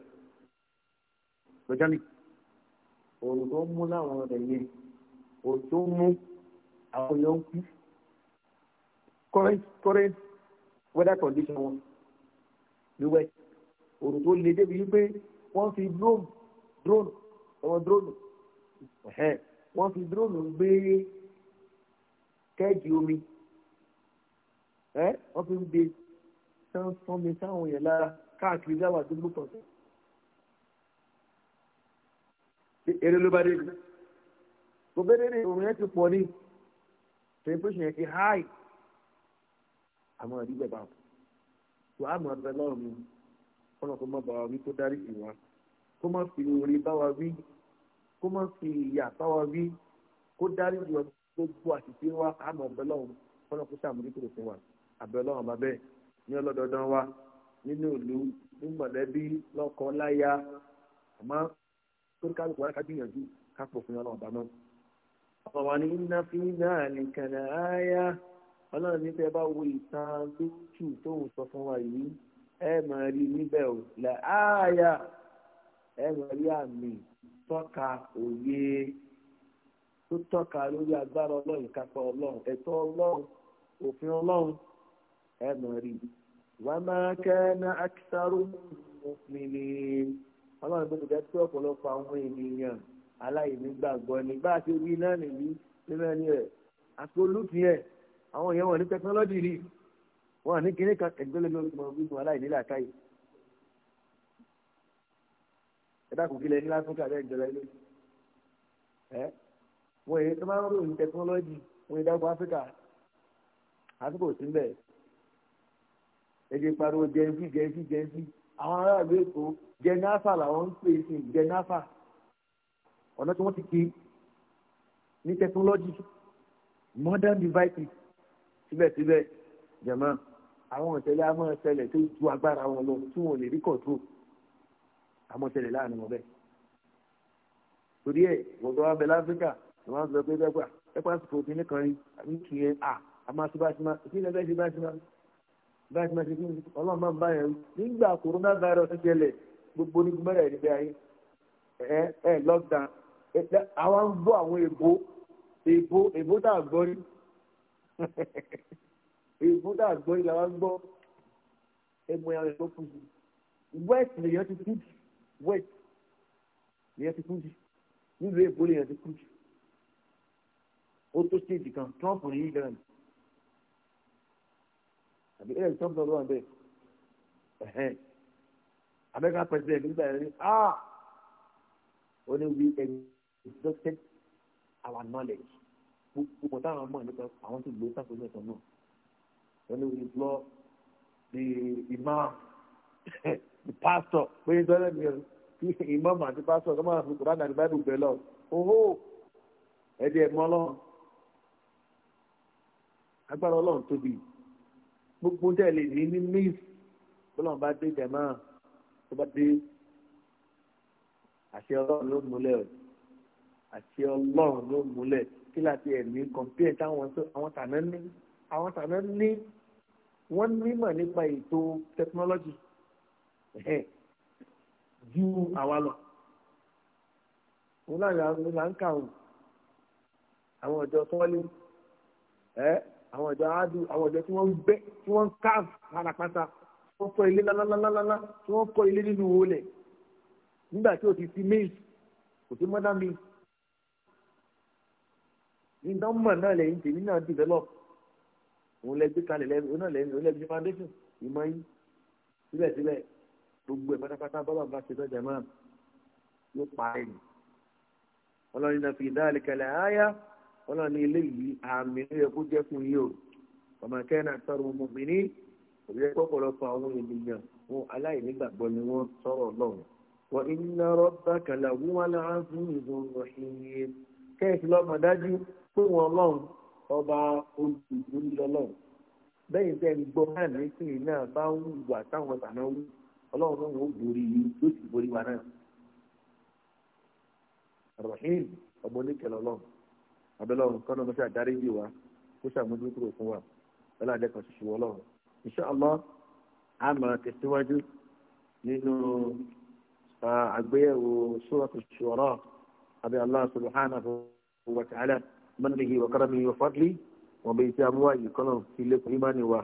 lọ́jọ́ mi òòrùn tó ń mú láwọn ọ̀rẹ́ yẹn òòrùn tó ń mú àwọn èèyàn ń kú current current weather condition wọn ní west òòrùn tó le débi wípé wọ́n fi drone drone ọmọ drone wọ́n fi drone gbé kẹ́ẹ̀gì omi ẹ́ wọ́n fi ń gbé sánmi sáwọn èèyàn lára káàkiri dáwà tó gbó pọ̀sẹ̀. eré ló bá dé bi kò bẹ́ẹ̀ ní òun yẹn ti pọ̀ ní tẹlifíṣàn yẹn ti háì àmọ́ ìdígbà bá wọn tó àmọ́ abẹ lọ́rùn mi kọ́nà kó má bàa wí kó darí ìwà kó má fi orí bá wa wí kó má fi ìyà bá wa wí kó darí ìwà gbogbo àṣìṣe wa àmọ́ ọ̀bẹ́lọ́hún fọlọ́ kó sàmójútó fún wa àbẹ́lọ́hún ọba ní ọlọ́dọọdán wa nínú ìlú ní mọ̀lẹ́bí lọ́kọ láya àmọ́ tó kálukú wa kájúyànjú kápò fún ọlọ́run ọba ọ̀pọ̀ wa ní náà nìkan náà ọlọ́run bá wo ìtàn lójú tóun sọ fún wa yìí ẹ rí níbẹ̀ ò là áyà ẹ rí àmì tọ́ka òye tó tọ́ka lórí agbára ọlọ́run kápá ọlọ́run ẹ̀tọ́ ọlọ́run òfin ọlọ́run ẹ mọ̀ rí wà á máa kẹ́ ná akísáró mímí ọlọ́run gbọ́dọ̀ jẹ́ pé ọ̀pọ̀lọpọ̀ àwọn ènìyàn aláìní gbàgbọ́ ni bá a ti rí náà nìyí nínú ẹni rẹ̀ àti olùtí ẹ̀ àwọn èèyàn wọn ní tẹkinọ́lọ́jì rí wọn ní kinní kan ẹgbẹ́lẹ́gbẹ́ olùmọ̀ gbígbọ́n aláìní làákàyè ẹ̀dá kò kí lẹ́ni lásán kí abẹ́ ìjọba ilé ẹ̀ wọn èyí tó máa ń ròyìn tẹkinọ́lọ́jì wọn èyí dágbọ́ áfíríkà àtúkò síbẹ̀ èdè pariwo jẹ́ńsì jẹ́ńsì jẹ́ńsì àwọn aráàlú èkó jẹ́náfà làwọn ń pè sí jẹ́náfà ọ̀nà tí wọ́n ti kí ní tẹkinọ́lọ́jì modern devices síbẹ̀síbẹ̀ jẹ̀mọ́ àwọn ìṣẹ̀lẹ̀ a máa ṣẹlẹ̀ tó ju agbára wọn lọ tí wọn ò lè rí kọ̀tún àmọ́ ṣẹlẹ̀ láàrin wọn bẹ́ẹ̀ torí ẹ̀ gbọ́dọ̀ abẹ láfíríkà ẹ máa ń sọ pé dẹ́gbà ẹ pàṣípò kínní kan ní kì à a máa ṣe bá ṣe máa kí ni ẹgbẹ́ ṣe bá ṣe máa bá ṣe máa ṣe kí ni ọlọ́run máa ń bá yẹn nígbà corona virus ṣẹlẹ̀ gbogbo onígun mẹ́rẹ̀ ẹ̀rí bẹ́ẹ̀ ayé ẹ ẹ lockdown àwa ń gbọ́ àwọn èbó èbó èbó tá à gbọ́ rí *laughs* èbó tá à gbọ́ rí làwa ń gbọ́ ẹgbẹ́ àwọn èbó kù sí west lèèyàn ti kú jù west lèèyàn ti kú jù nílùú èbó lèèyàn ti kú jù ó tó stéèjì kan trump ní england àbí ẹ̀ eh, trump náà ló wà bẹ́ẹ̀ ẹ̀hẹ́n american president nígbà yẹn ni ah ó ní we exhausted our knowledge gbogbo táwọn mọ̀ nípa àwọn tó gbé sáfù ní ẹ̀sán náà ó ní we blow the imam *laughs* the pastor pé ní sọ́dọ̀ mi kí imam àti pastor kọ́ máa fi kúránà àti bible bẹ̀ lọ oho ẹ̀dẹ̀ mọ́ lọ́wọ́ agbára ọlọ́run tóbi gbogbo ń tẹ̀lé ní ní mís ọlọ́run bá dé jẹ̀mọ́ tó bá dé àṣẹ ọlọ́run ló múlẹ̀ o àṣẹ ọlọ́run ló múlẹ̀ kí láti ẹ̀mí kọ̀m̀pìẹ̀ táwọn àwọn tàná ní àwọn tàná ní wọ́n nímọ̀ nípa ètò tẹkinọ́lọ́jì ju àwa lọ òun náà là ń kà wọn àwọn ọ̀dọ́ tó wọlé ẹ́ àwọn ọ̀dọ́ àádùn àwọn ọ̀dọ́ tí wọ́n ń bẹ́ tí wọ́n ń káàf parapata wọ́n kọ́ ilé lálálálálá tí wọ́n kọ́ ilé nínú owó lẹ̀ nígbà tí o ti fi mail kò sí mọ́dá mi ní nọ́mbà náà lẹ́yìn tèmi náà develop òun lẹ gbé kalẹ̀ lẹ́nu náà lẹ́nu òun lẹ gbé foundation ìmọ̀ yín síbẹ̀síbẹ̀ gbogbo ẹ̀ pátápátá bọ́lá bá ṣe tọ́jà máa yóò pa ẹ̀ ní ọlọ́run náà fi ìdá àlẹ́kẹ̀lẹ̀ àáyá wọn náà ní eléyìí àmì ló yẹ kó jẹ́ fún yìí o ọmọ kẹ́hìnà sọ̀rọ̀ ọmọ mi ní òbí ẹ̀kọ́ ọ̀pọ̀lọpọ̀ àwọn ènìyàn wọn aláìnígbàgbọ́ ni wọ́n sọ̀rọ̀ ọlọ́run wọ́n iná rọ́bà kàlà wọ́n wá láàánú ìdùn ìyẹn kẹ́hìntì lọ́mọ dájú pé wọn ọlọ́run ọba olùdíjú lọ́lọ́run bẹ́ẹ̀ bẹ́ẹ̀ ń gbọ́ náà nísìnyí náà bá ń wà táwọn tàná wù ọlọ́run náà ó borí yìí yóò borí wa náà. rahim ọmọ oníkẹlẹ ọlọ́run abẹ́lọ́run kọ́nà mọ́ṣẹ́ àdárí yìí wá kó ṣàmójúkúrò fún wa lọ́la àdẹ́kan ṣoṣo ọlọ́run insha Allah a máa tẹ̀síwájú nínú àgbéyẹ̀wò Suratul Shura abẹ́ Allah subhanahu wa ta'ala mannihi wa karamihi wa fadli wọ́n bẹ iṣẹ́ amúwá yìí kọ́nà kí lẹ́kùn ìmánì wa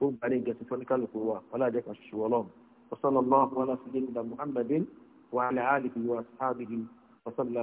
ó gbà ní ìjẹsí fọ́nìkálùkù wa lọ́la àdẹ́kan ṣoṣo ọlọ́run wa sallallahu ala